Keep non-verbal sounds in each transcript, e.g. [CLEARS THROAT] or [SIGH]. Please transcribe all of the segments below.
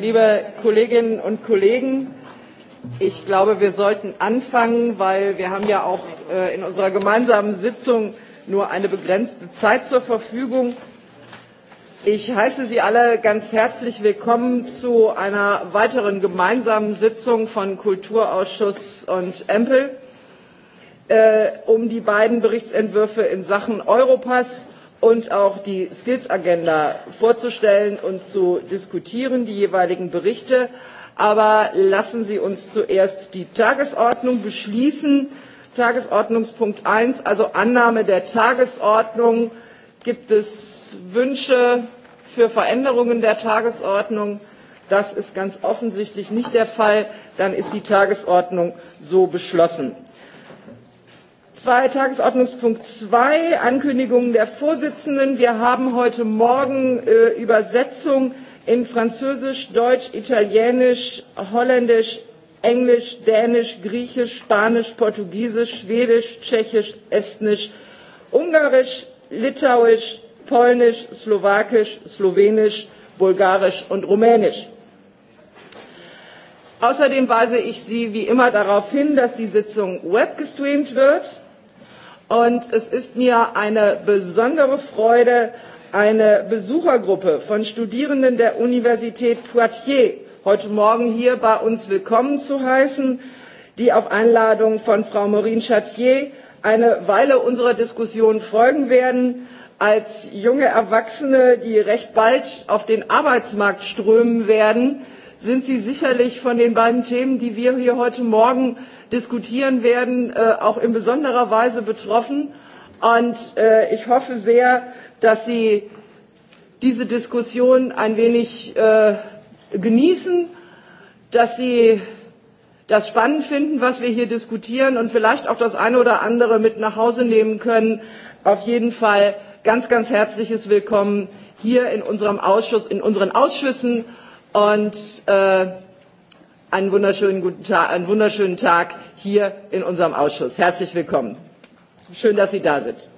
Liebe Kolleginnen und Kollegen, ich glaube, wir sollten anfangen, weil wir haben ja auch äh, in unserer gemeinsamen Sitzung nur eine begrenzte Zeit zur Verfügung. Ich heiße Sie alle ganz herzlich willkommen zu einer weiteren gemeinsamen Sitzung von Kulturausschuss und Empel äh, um die beiden Berichtsentwürfe in Sachen Europass und auch die Skills Agenda vorzustellen und zu diskutieren, die jeweiligen Berichte. Aber lassen Sie uns zuerst die Tagesordnung beschließen. Tagesordnungspunkt 1, also Annahme der Tagesordnung. Gibt es Wünsche für Veränderungen der Tagesordnung? Das ist ganz offensichtlich nicht der Fall. Dann ist die Tagesordnung so beschlossen. Zwei, Tagesordnungspunkt 2, Ankündigungen der Vorsitzenden. Wir haben heute Morgen äh, Übersetzung in Französisch, Deutsch, Italienisch, Holländisch, Englisch, Dänisch, Griechisch, Spanisch, Portugiesisch, Schwedisch, Tschechisch, Estnisch, Ungarisch, Litauisch, Polnisch, Slowakisch, Slowenisch, Bulgarisch und Rumänisch. Außerdem weise ich Sie wie immer darauf hin, dass die Sitzung webgestreamt wird. Und es ist mir eine besondere Freude, eine Besuchergruppe von Studierenden der Universität Poitiers heute Morgen hier bei uns willkommen zu heißen, die auf Einladung von Frau Maureen Chatier eine Weile unserer Diskussion folgen werden. Als junge Erwachsene, die recht bald auf den Arbeitsmarkt strömen werden, sind Sie sicherlich von den beiden Themen, die wir hier heute Morgen diskutieren werden, äh, auch in besonderer Weise betroffen. Und äh, ich hoffe sehr, dass Sie diese Diskussion ein wenig äh, genießen, dass Sie das spannend finden, was wir hier diskutieren und vielleicht auch das eine oder andere mit nach Hause nehmen können. Auf jeden Fall ganz, ganz herzliches Willkommen hier in unserem Ausschuss, in unseren Ausschüssen und äh, einen wunderschönen, guten Tag, einen wunderschönen Tag hier in unserem Ausschuss. Herzlich willkommen. Schön, dass Sie da sind.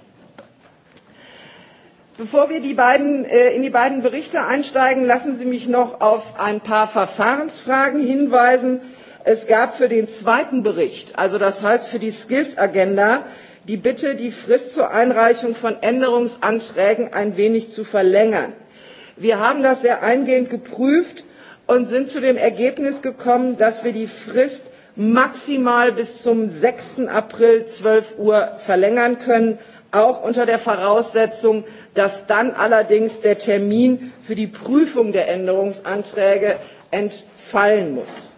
Bevor wir die beiden, äh, in die beiden Berichte einsteigen, lassen Sie mich noch auf ein paar Verfahrensfragen hinweisen. Es gab für den zweiten Bericht, also das heißt für die Skills Agenda, die Bitte, die Frist zur Einreichung von Änderungsanträgen ein wenig zu verlängern. Wir haben das sehr eingehend geprüft und sind zu dem Ergebnis gekommen, dass wir die Frist maximal bis zum 6. April 12 Uhr verlängern können, auch unter der Voraussetzung, dass dann allerdings der Termin für die Prüfung der Änderungsanträge entfallen muss.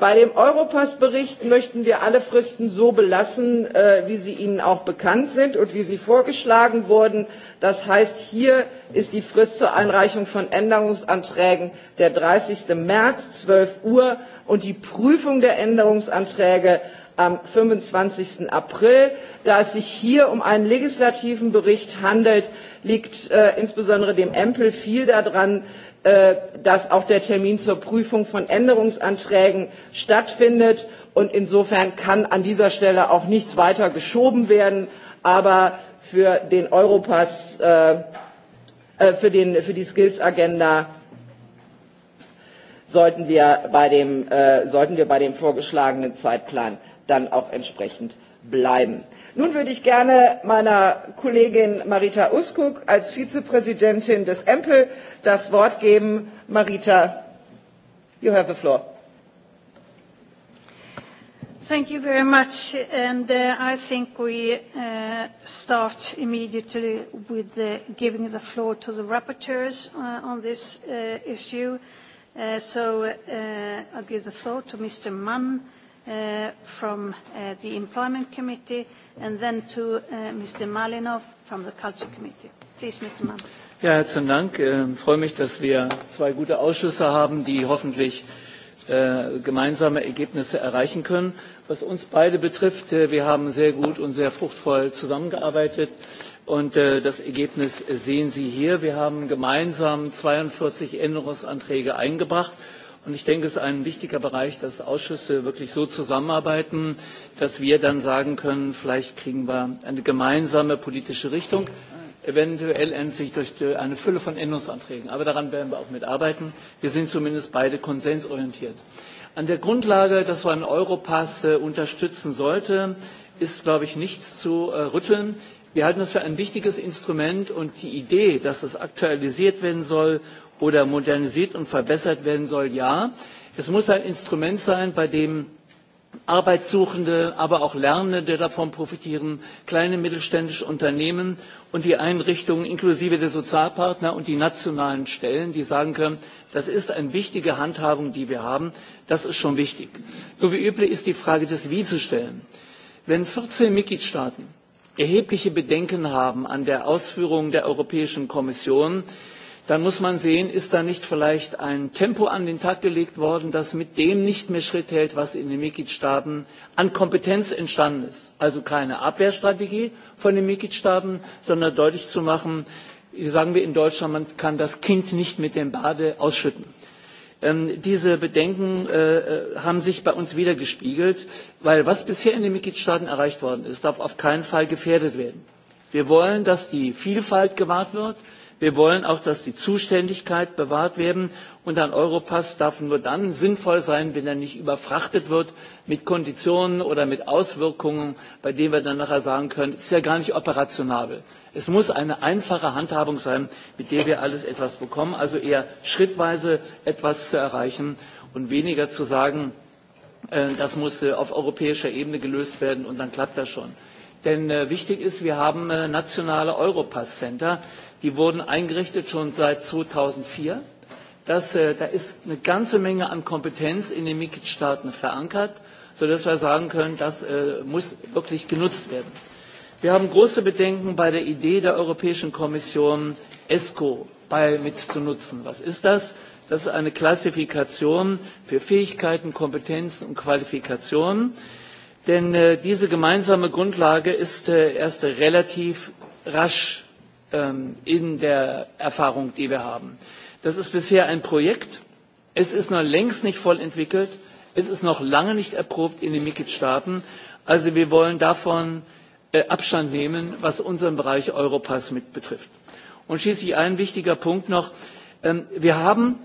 Bei dem Europass-Bericht möchten wir alle Fristen so belassen, äh, wie sie Ihnen auch bekannt sind und wie sie vorgeschlagen wurden. Das heißt, hier ist die Frist zur Einreichung von Änderungsanträgen der 30. März, 12 Uhr und die Prüfung der Änderungsanträge am 25. April. Da es sich hier um einen legislativen Bericht handelt, liegt äh, insbesondere dem Empel viel daran, Äh, dass auch der Termin zur Prüfung von Änderungsanträgen stattfindet. Und insofern kann an dieser Stelle auch nichts weiter geschoben werden. Aber für den Europass, äh, äh für, den, für die Skills-Agenda sollten wir, bei dem, äh, sollten wir bei dem vorgeschlagenen Zeitplan dann auch entsprechend bleiben. Nun würde ich gerne meiner Kollegin Marita Uskuk als Vizepräsidentin des EMPEL das Wort geben. Marita, you have the floor. Thank you very much, and uh, I think we uh, start immediately with the, uh, giving the floor to the rapporteurs uh, on this uh, issue. Uh, so uh, I'll give the floor to Mr. Mann uh, from uh, the Employment Committee and then to uh, Mr. Malinov from the Culture Committee. Please, Mr. Malinov. Ja, herzlichen Dank. Ich äh, freue mich, dass wir zwei gute Ausschüsse haben, die hoffentlich äh, gemeinsame Ergebnisse erreichen können. Was uns beide betrifft, äh, wir haben sehr gut und sehr fruchtvoll zusammengearbeitet. Und äh, das Ergebnis sehen Sie hier. Wir haben gemeinsam 42 Änderungsanträge eingebracht. Und ich denke, es ist ein wichtiger Bereich, dass Ausschüsse wirklich so zusammenarbeiten, dass wir dann sagen können, vielleicht kriegen wir eine gemeinsame politische Richtung. Eventuell ändert sich durch eine Fülle von Änderungsanträgen. Aber daran werden wir auch mitarbeiten. Wir sind zumindest beide konsensorientiert. An der Grundlage, dass man Europass äh, unterstützen sollte, ist, glaube ich, nichts zu äh, rütteln. Wir halten das für ein wichtiges Instrument und die Idee, dass es aktualisiert werden soll oder modernisiert und verbessert werden soll, ja. Es muss ein Instrument sein, bei dem Arbeitssuchende, aber auch Lernende davon profitieren, kleine mittelständische Unternehmen und die Einrichtungen inklusive der Sozialpartner und die nationalen Stellen, die sagen können, das ist eine wichtige Handhabung, die wir haben, das ist schon wichtig. Nur wie üblich ist die Frage des Wie zu stellen. Wenn 14 Mitgliedstaaten erhebliche Bedenken haben an der Ausführung der Europäischen Kommission, dann muss man sehen, ist da nicht vielleicht ein Tempo an den Tag gelegt worden, das mit dem nicht mehr Schritt hält, was in den Mitgliedstaaten an Kompetenz entstanden ist. Also keine Abwehrstrategie von den Mitgliedstaaten, sondern deutlich zu machen, sagen wir in Deutschland, man kann das Kind nicht mit dem Bade ausschütten. Ähm, diese Bedenken äh, äh haben sich bei uns wieder gespiegelt, weil was bisher in den Mitgliedstaaten erreicht worden ist, darf auf keinen Fall gefährdet werden. Wir wollen, dass die Vielfalt gewahrt wird, Wir wollen auch, dass die Zuständigkeit bewahrt werden und ein Europass darf nur dann sinnvoll sein, wenn er nicht überfrachtet wird mit Konditionen oder mit Auswirkungen, bei denen wir dann nachher sagen können, es ist ja gar nicht operationabel. Es muss eine einfache Handhabung sein, mit der wir alles etwas bekommen, also eher schrittweise etwas zu erreichen und weniger zu sagen, äh, das muss äh, auf europäischer Ebene gelöst werden und dann klappt das schon. Denn äh, wichtig ist, wir haben nationale Europass-Center Die wurden eingerichtet schon seit 2004. Das, äh, da ist eine ganze Menge an Kompetenz in den Mitgliedstaaten verankert, sodass wir sagen können, das äh, muss wirklich genutzt werden. Wir haben große Bedenken bei der Idee der Europäischen Kommission, ESCO bei, mit zu nutzen. Was ist das? Das ist eine Klassifikation für Fähigkeiten, Kompetenzen und Qualifikationen. Denn äh, diese gemeinsame Grundlage ist äh, erst relativ rasch Ähm, in der Erfahrung, die wir haben. Das ist bisher ein Projekt. Es ist noch längst nicht voll entwickelt. Es ist noch lange nicht erprobt in den Mitgliedstaaten. Also wir wollen davon äh, Abstand nehmen, was unseren Bereich Europass mit betrifft. Und schließlich ein wichtiger Punkt noch. Ähm, wir haben,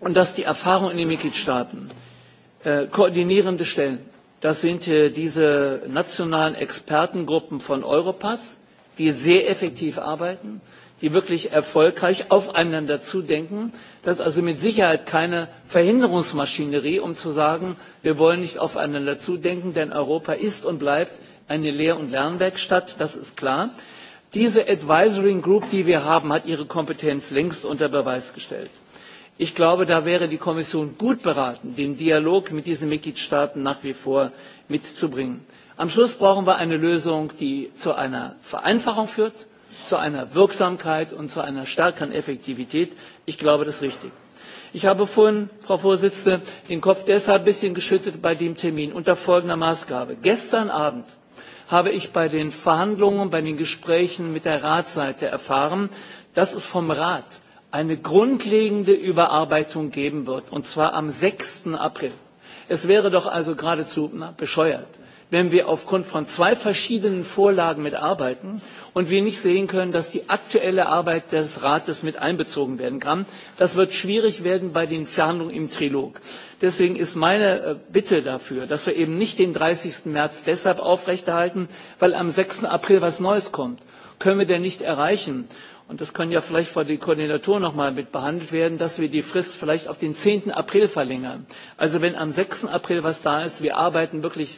und das ist die Erfahrung in den Mitgliedstaaten, äh, koordinierende Stellen. Das sind diese nationalen Expertengruppen von Europass die sehr effektiv arbeiten, die wirklich erfolgreich aufeinander zudenken. Das ist also mit Sicherheit keine Verhinderungsmaschinerie, um zu sagen, wir wollen nicht aufeinander zudenken, denn Europa ist und bleibt eine Lehr- und Lernwerkstatt, das ist klar. Diese Advisory Group, die wir haben, hat ihre Kompetenz längst unter Beweis gestellt. Ich glaube, da wäre die Kommission gut beraten, den Dialog mit diesen Mitgliedstaaten nach wie vor mitzubringen. Am Schluss brauchen wir eine Lösung, die zu einer Vereinfachung führt, zu einer Wirksamkeit und zu einer stärkeren Effektivität. Ich glaube, das ist richtig. Ich habe vorhin, Frau Vorsitzende, den Kopf deshalb ein bisschen geschüttet bei dem Termin unter folgender Maßgabe. Gestern Abend habe ich bei den Verhandlungen, bei den Gesprächen mit der Ratsseite erfahren, dass es vom Rat eine grundlegende Überarbeitung geben wird, und zwar am 6. April. Es wäre doch also geradezu na, bescheuert, wenn wir aufgrund von zwei verschiedenen Vorlagen mitarbeiten und wir nicht sehen können, dass die aktuelle Arbeit des Rates mit einbezogen werden kann. Das wird schwierig werden bei den Verhandlungen im Trilog. Deswegen ist meine äh, Bitte dafür, dass wir eben nicht den 30. März deshalb aufrechterhalten, weil am 6. April was Neues kommt. Können wir denn nicht erreichen? Und das kann ja vielleicht vor den Koordinatoren noch mit behandelt werden, dass wir die Frist vielleicht auf den 10. April verlängern. Also wenn am 6. April was da ist, wir arbeiten wirklich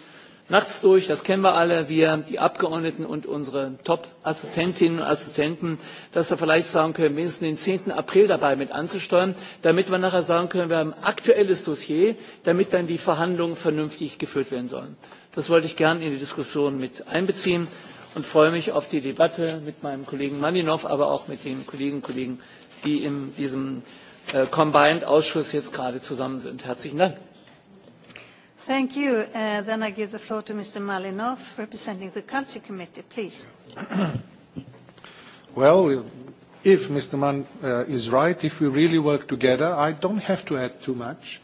nachts durch, das kennen wir alle, wir, die Abgeordneten und unsere Top-Assistentinnen und Assistenten, dass wir vielleicht sagen können, mindestens den 10. April dabei mit anzusteuern, damit wir nachher sagen können, wir haben ein aktuelles Dossier, damit dann die Verhandlungen vernünftig geführt werden sollen. Das wollte ich gern in die Diskussion mit einbeziehen und freue mich auf die Debatte mit meinem Kollegen Maninov, aber auch mit den Kolleginnen und Kollegen, die in diesem äh, Combined-Ausschuss jetzt gerade zusammen sind. Herzlichen Dank. Thank you. Uh, then I give the floor to Mr. Malinov, representing the Culture Committee, please. [CLEARS THROAT] well, if Mr. Mann uh, is right, if we really work together, I don't have to add too much.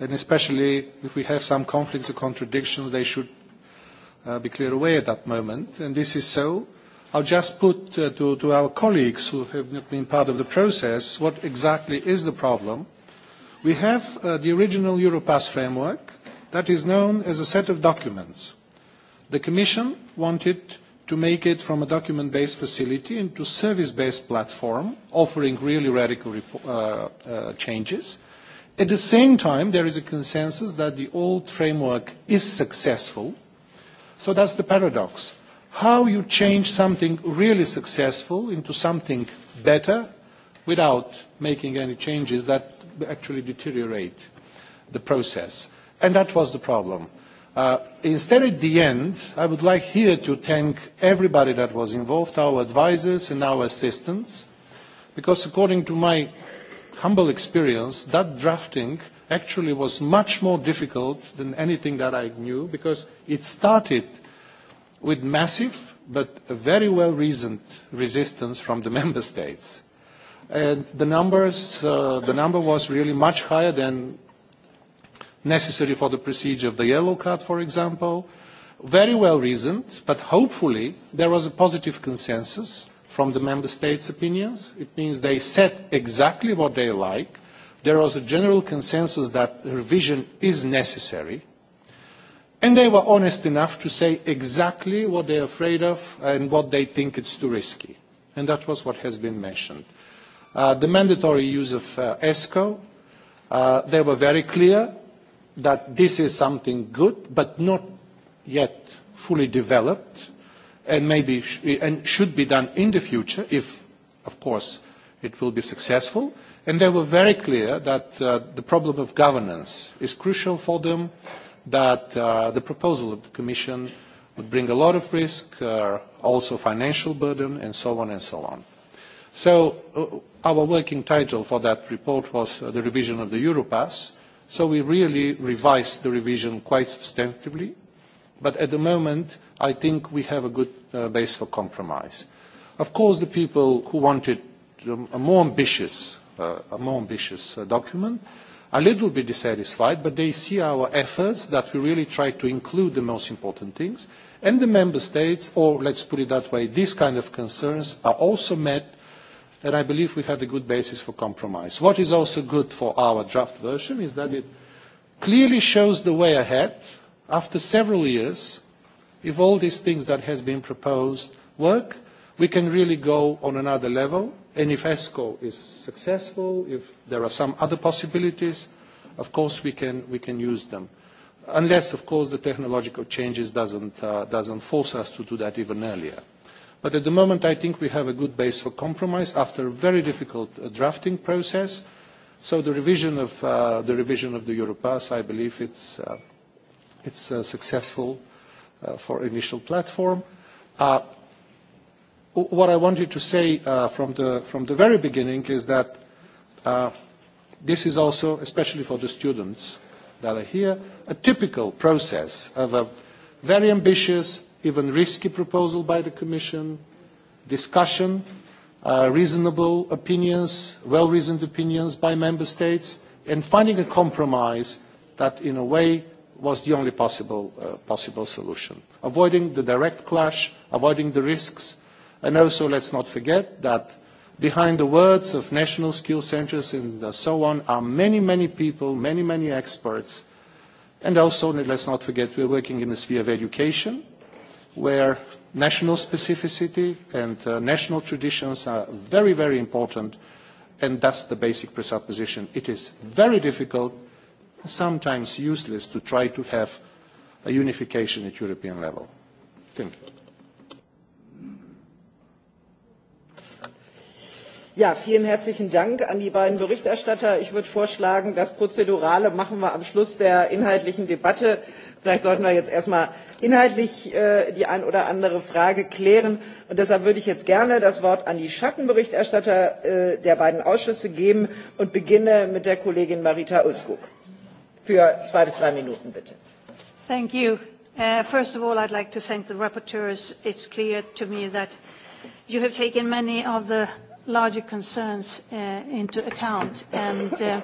And especially if we have some conflicts or contradictions, they should uh, be cleared away at that moment. And this is so. I'll just put uh, to, to our colleagues who have not been part of the process what exactly is the problem. We have uh, the original Europass framework, that is known as a set of documents. The Commission wanted to make it from a document-based facility into a service-based platform, offering really radical uh, uh, changes. At the same time, there is a consensus that the old framework is successful. So that's the paradox. How you change something really successful into something better without making any changes that actually deteriorate the process. And that was the problem. Uh, instead, at the end, I would like here to thank everybody that was involved, our advisors and our assistants, because according to my humble experience, that drafting actually was much more difficult than anything that I knew, because it started with massive but a very well-reasoned resistance from the [LAUGHS] member states. And the numbers, uh, the number was really much higher than necessary for the procedure of the yellow card, for example. Very well reasoned, but hopefully there was a positive consensus from the member states' opinions. It means they said exactly what they like. There was a general consensus that revision is necessary. And they were honest enough to say exactly what they are afraid of and what they think is too risky. And that was what has been mentioned. Uh, the mandatory use of uh, ESCO, uh, they were very clear that this is something good but not yet fully developed and maybe sh and should be done in the future if, of course, it will be successful. And they were very clear that uh, the problem of governance is crucial for them, that uh, the proposal of the Commission would bring a lot of risk, uh, also financial burden, and so on and so on. So uh, our working title for that report was uh, the revision of the Europass, So we really revised the revision quite substantively, but at the moment I think we have a good uh, base for compromise. Of course, the people who wanted um, a more ambitious, uh, a more ambitious uh, document are a little bit dissatisfied, but they see our efforts that we really try to include the most important things, and the member states, or let's put it that way, these kind of concerns are also met and I believe we had a good basis for compromise. What is also good for our draft version is that it clearly shows the way ahead after several years if all these things that has been proposed work, we can really go on another level. And if ESCO is successful, if there are some other possibilities, of course we can, we can use them. Unless, of course, the technological changes doesn't, uh, doesn't force us to do that even earlier. But at the moment, I think we have a good base for compromise after a very difficult uh, drafting process. So the revision of, uh, the, revision of the Europass, I believe it's, uh, it's uh, successful uh, for initial platform. Uh, what I wanted to say uh, from, the, from the very beginning is that uh, this is also, especially for the students that are here, a typical process of a very ambitious even risky proposal by the Commission, discussion, uh, reasonable opinions, well-reasoned opinions by Member States, and finding a compromise that in a way was the only possible, uh, possible solution. Avoiding the direct clash, avoiding the risks, and also let's not forget that behind the words of national skill centres and uh, so on are many, many people, many, many experts, and also, let's not forget, we're working in the sphere of education, where national specificity and uh, national traditions are very, very important, and that's the basic presupposition. It is very difficult, sometimes useless, to try to have a unification at European level. Thank you. Ja, vielen herzlichen Dank an die beiden Berichterstatter. Ich würde vorschlagen, das Prozedurale machen wir am Schluss der inhaltlichen Debatte. Vielleicht sollten wir jetzt erstmal inhaltlich äh, die ein oder andere Frage klären. Und deshalb würde ich jetzt gerne das Wort an die Schattenberichterstatter äh, der beiden Ausschüsse geben und beginne mit der Kollegin Marita Uskuk. Für zwei bis drei Minuten, bitte. Thank you. Uh, first of all, I'd like to thank the rapporteurs. It's clear to me that you have taken many of the larger concerns uh, into account. And uh,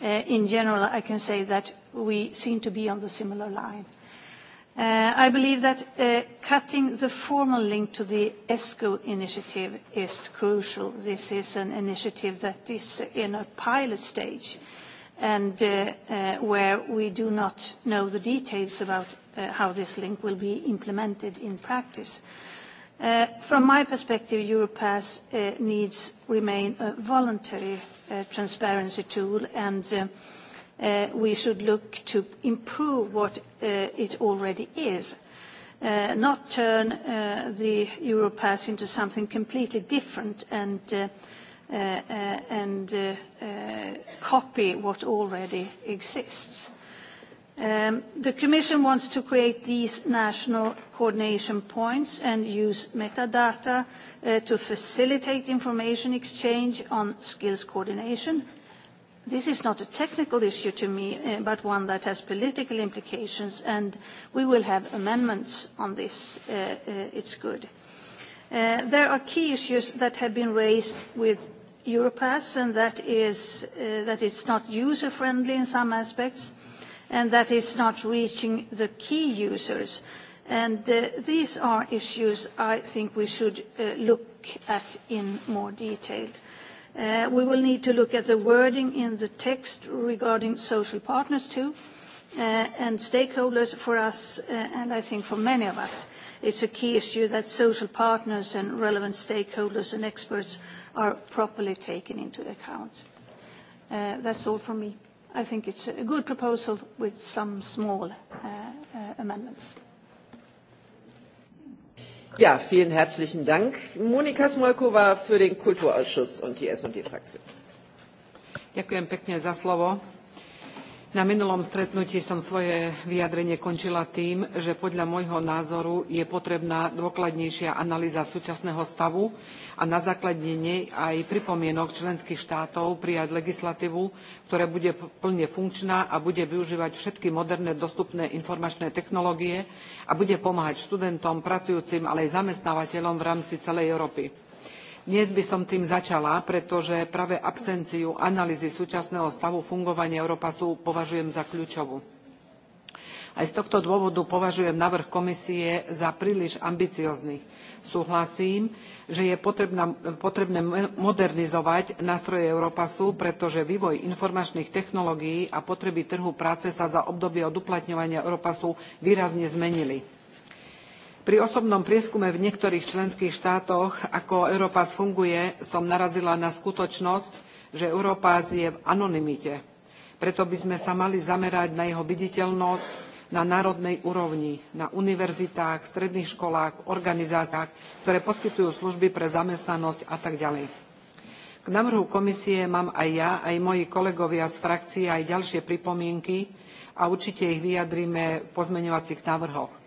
uh, in general, I can say that we seem to be on the similar line. Uh, I believe that uh, cutting the formal link to the ESCO initiative is crucial. This is an initiative that is in a pilot stage and uh, uh, where we do not know the details about uh, how this link will be implemented in practice. Uh, from my perspective, Europass uh, needs remain a voluntary uh, transparency tool and uh, uh, we should look to improve what uh, it already is, uh, not turn uh, the Europass into something completely different and, uh, uh, uh, and uh, uh, copy what already exists. Um, the Commission wants to create these national coordination points and use metadata uh, to facilitate information exchange on skills coordination, This is not a technical issue to me, eh, but one that has political implications, and we will have amendments on this. Uh, uh, it's good. Uh, there are key issues that have been raised with Europass, and that is uh, that it's not user-friendly in some aspects, and that it's not reaching the key users. And uh, these are issues I think we should uh, look at in more detail. Uh, Uh, we will need to look at the wording in the text regarding social partners too, uh, and stakeholders for us, uh, and I think for many of us. It's a key issue that social partners and relevant stakeholders and experts are properly taken into account. Uh, that's all from me. I think it's a good proposal with some small uh, uh, amendments. Ja, vielen herzlichen Dank. Monika Smolkova für den Kulturausschuss und die S&D-Fraktion. Ďakujem pekne za slovo. Na minulom stretnutí som svoje vyjadrenie končila tým, že podľa môjho názoru je potrebná dôkladnejšia analýza súčasného stavu a na základne nej aj pripomienok členských štátov prijať legislatívu, ktorá bude plne funkčná a bude využívať všetky moderné dostupné informačné technológie a bude pomáhať študentom, pracujúcim, ale aj zamestnávateľom v rámci celej Európy. Dnes by som tým začala, pretože práve absenciu analýzy súčasného stavu fungovania Europasu považujem za kľúčovú. Aj z tohto dôvodu považujem návrh komisie za príliš ambiciozný. Súhlasím, že je potrebná, potrebné modernizovať nástroje Európasu, pretože vývoj informačných technológií a potreby trhu práce sa za obdobie od uplatňovania Europasu výrazne zmenili Pri osobnom prieskume v niektorých členských štátoch, ako Europass funguje, som narazila na skutočnosť, že Europass je v anonimite. Preto by sme sa mali zamerať na jeho viditeľnosť na národnej úrovni, na univerzitách, stredných školách, organizáciách, ktoré poskytujú služby pre zamestnanosť a tak ďalej. K návrhu komisie mám aj ja, aj moji kolegovia z frakcie aj ďalšie pripomienky a určite ich vyjadríme v pozmeňovacích návrhoch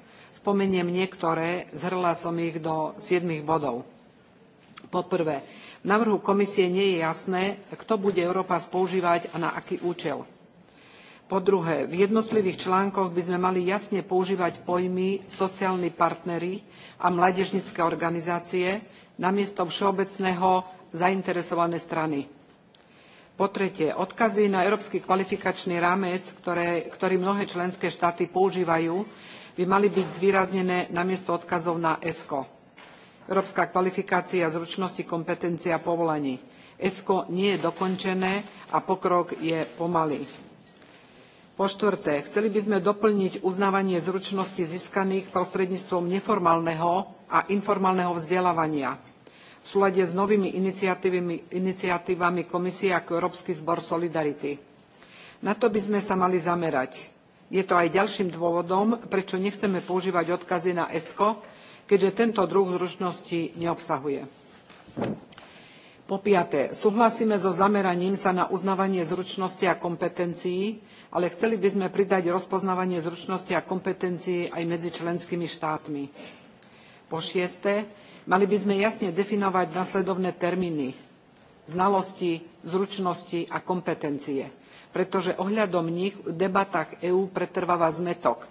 spomeniem niektoré, zhrla som ich do siedmich bodov. Poprvé, v návrhu komisie nie je jasné, kto bude Europass používať a na aký účel. Po druhé, v jednotlivých článkoch by sme mali jasne používať pojmy sociálni partnery a mládežnické organizácie namiesto všeobecného zainteresované strany. Po tretie, odkazy na Európsky kvalifikačný rámec, ktoré, ktorý mnohé členské štáty používajú, by mali byť zvýraznené namiesto odkazov na ESCO. Európska kvalifikácia zručnosti kompetencia povolaní. ESCO nie je dokončené a pokrok je pomalý. Po štvrté, chceli by sme doplniť uznávanie zručností získaných prostredníctvom neformálneho a informálneho vzdelávania. V súlade s novými iniciatívami Komisie ako Európsky zbor Solidarity. Na to by sme sa mali zamerať. Je to aj ďalším dôvodom, prečo nechceme používať odkazy na ESCO, keďže tento druh zručnosti neobsahuje. Po piaté, súhlasíme so zameraním sa na uznávanie zručnosti a kompetencií, ale chceli by sme pridať rozpoznávanie zručnosti a kompetencií aj medzi členskými štátmi. Po šieste, mali by sme jasne definovať nasledovné termíny znalosti, zručnosti a kompetencie – pretože ohľadom nich v debatách EÚ pretrváva zmetok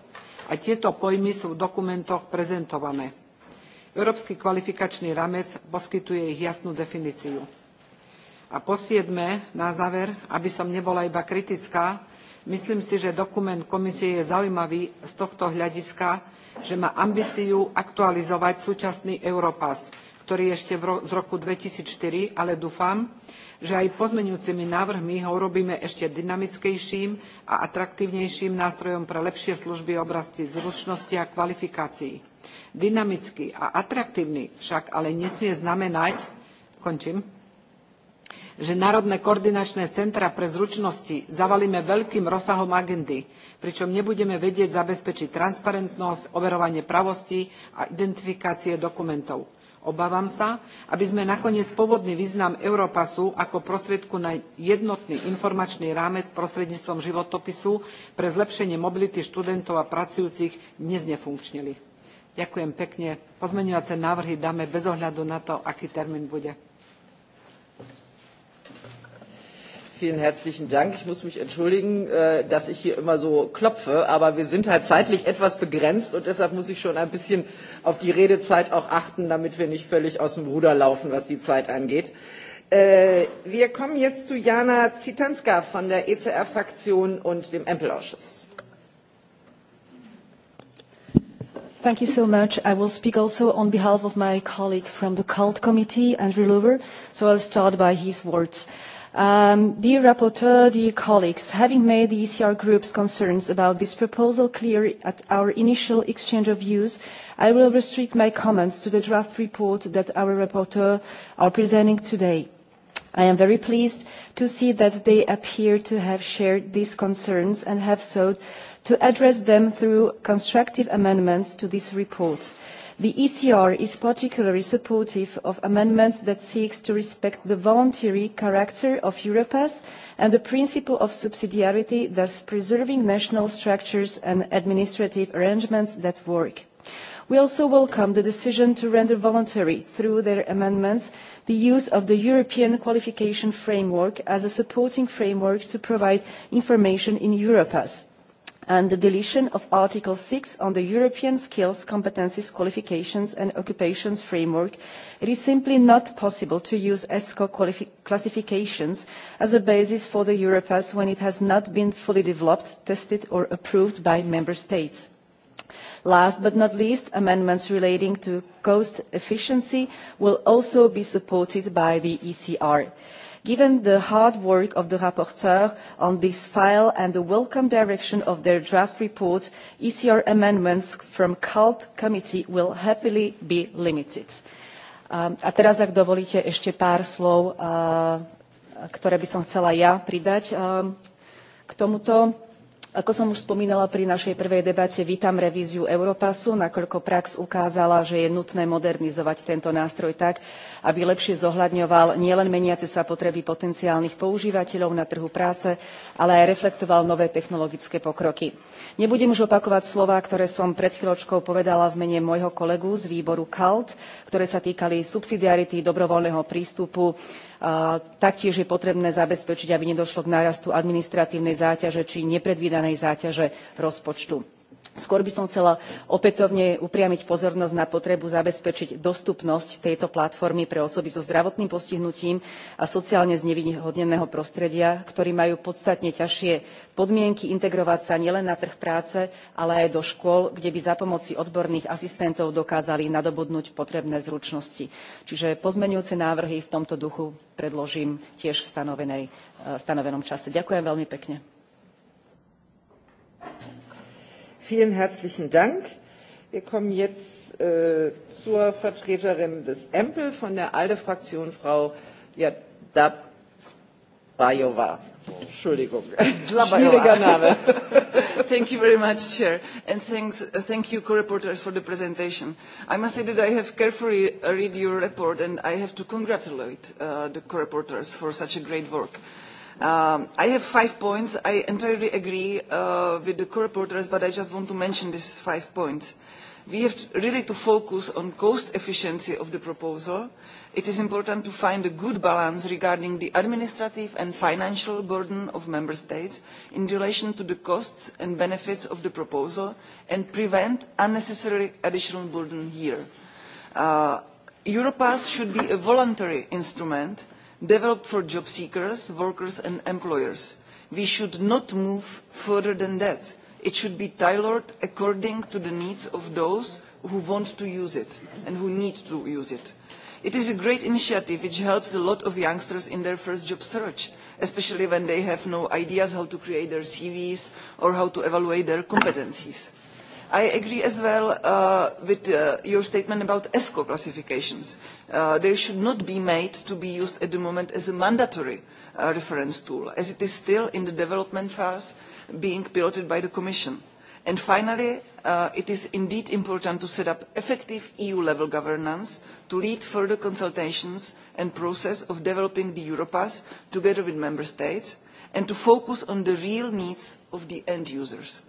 a tieto pojmy sú v dokumentoch prezentované. Európsky kvalifikačný ramec poskytuje ich jasnú definíciu. A po siedme, na záver, aby som nebola iba kritická, myslím si, že dokument komisie je zaujímavý z tohto hľadiska, že má ambíciu aktualizovať súčasný Európas, ktorý ešte z roku 2004, ale dúfam, že aj pozmeňujúcimi návrhmi ho urobíme ešte dynamickejším a atraktívnejším nástrojom pre lepšie služby v oblasti zručnosti a kvalifikácií. Dynamický a atraktívny však ale nesmie znamenať, končím, že národné koordinačné centra pre zručnosti zavalíme veľkým rozsahom agendy, pričom nebudeme vedieť zabezpečiť transparentnosť, overovanie pravosti a identifikácie dokumentov. Obávam sa, aby sme nakoniec pôvodný význam Europasu ako prostriedku na jednotný informačný rámec prostredníctvom životopisu pre zlepšenie mobility študentov a pracujúcich dnes nefunkčnili. Ďakujem pekne. Pozmeňovacie návrhy dáme bez ohľadu na to, aký termín bude. vielen herzlichen Dank. Ich muss mich entschuldigen, äh, dass ich hier immer so klopfe, aber wir sind halt zeitlich etwas begrenzt und deshalb muss ich schon ein bisschen auf die Redezeit auch achten, damit wir nicht völlig aus dem Ruder laufen, was die Zeit angeht. Äh, wir kommen jetzt zu Jana Zitanska von der ECR-Fraktion und dem Ampelausschuss. Thank you so much. I will speak also on behalf of my colleague from the CULT committee, Andrew Lover, so I'll start by his words. Um, dear Rapporteur, dear colleagues, having made the ECR Group's concerns about this proposal clear at our initial exchange of views, I will restrict my comments to the draft report that our Rapporteur are presenting today. I am very pleased to see that they appear to have shared these concerns and have sought to address them through constructive amendments to this report. The ECR is particularly supportive of amendments that seek to respect the voluntary character of Europass and the principle of subsidiarity, thus preserving national structures and administrative arrangements that work. We also welcome the decision to render voluntary, through their amendments, the use of the European Qualification Framework as a supporting framework to provide information in Europass and the deletion of Article 6 on the European Skills, competences, Qualifications and Occupations Framework, it is simply not possible to use ESCO classifications as a basis for the Europass when it has not been fully developed, tested or approved by Member States. Last but not least, amendments relating to cost efficiency will also be supported by the ECR. Given the hard work of the rapporteur on this file and the welcome direction of their draft report, ECR amendments from CALT committee will happily be limited. Um, a teraz, ak dovolíte, ešte pár slov, uh, ktoré by som chcela ja pridať um, k tomuto Ako som už spomínala pri našej prvej debate, vítam revíziu Europasu, nakoľko prax ukázala, že je nutné modernizovať tento nástroj tak, aby lepšie zohľadňoval nielen meniace sa potreby potenciálnych používateľov na trhu práce, ale aj reflektoval nové technologické pokroky. Nebudem už opakovať slova, ktoré som pred chvíľočkou povedala v mene môjho kolegu z výboru CALT, ktoré sa týkali subsidiarity dobrovoľného prístupu Taktiež je potrebné zabezpečiť, aby nedošlo k nárastu administratívnej záťaže či nepredvídanej záťaže rozpočtu. Skôr by som chcela opätovne upriamiť pozornosť na potrebu zabezpečiť dostupnosť tejto platformy pre osoby so zdravotným postihnutím a sociálne znevýhodneného prostredia, ktorí majú podstatne ťažšie podmienky integrovať sa nielen na trh práce, ale aj do škôl, kde by za pomoci odborných asistentov dokázali nadobudnúť potrebné zručnosti. Čiže pozmenujúce návrhy v tomto duchu predložím tiež v e, stanovenom čase. Ďakujem veľmi pekne. Vielen herzlichen Dank. Wir kommen jetzt äh, zur Vertreterin des Empel von der ALDE-Fraktion, Frau Jadabajova. Entschuldigung. Schwieriger Name. [LAUGHS] thank you very much, Chair, and thanks, uh, thank you, co-reporters, for the presentation. I must say that I have carefully uh, read your report, and I have to congratulate uh, the co-reporters for such a great work. Um, I have five points. I entirely agree uh, with the co-reporters, but I just want to mention these five points. We have to, really to focus on cost efficiency of the proposal. It is important to find a good balance regarding the administrative and financial burden of member states in relation to the costs and benefits of the proposal and prevent unnecessary additional burden here. Uh, Europass should be a voluntary instrument developed for job seekers, workers and employers. We should not move further than that. It should be tailored according to the needs of those who want to use it and who need to use it. It is a great initiative which helps a lot of youngsters in their first job search, especially when they have no ideas how to create their CVs or how to evaluate their competencies. I agree as well uh, with uh, your statement about ESCO classifications. Uh, they should not be made to be used at the moment as a mandatory uh, reference tool, as it is still in the development phase being piloted by the Commission. And finally, uh, it is indeed important to set up effective EU-level governance to lead further consultations and process of developing the Europass together with Member States and to focus on the real needs of the end users.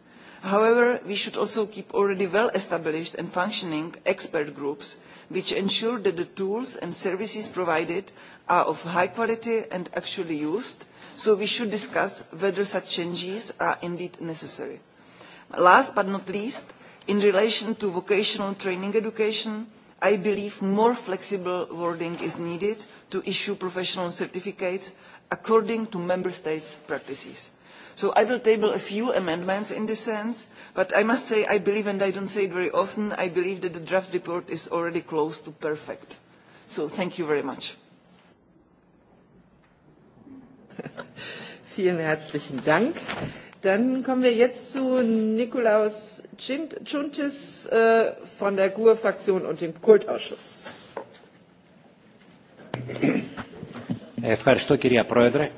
However, we should also keep already well-established and functioning expert groups which ensure that the tools and services provided are of high quality and actually used, so we should discuss whether such changes are indeed necessary. Last but not least, in relation to vocational training education, I believe more flexible wording is needed to issue professional certificates according to member states' practices. So I will table a few amendments in this sense, but I must say I believe, and I don't say it very often, I believe that the draft report is already close to perfect. So thank you very much. [LAUGHS] Vielen herzlichen Dank. Dann kommen wir jetzt zu Nikolaus Tschuntis äh, von der GUR-Fraktion e und dem Kultausschuss. Ευχαριστώ κυρία Πρόεδρε.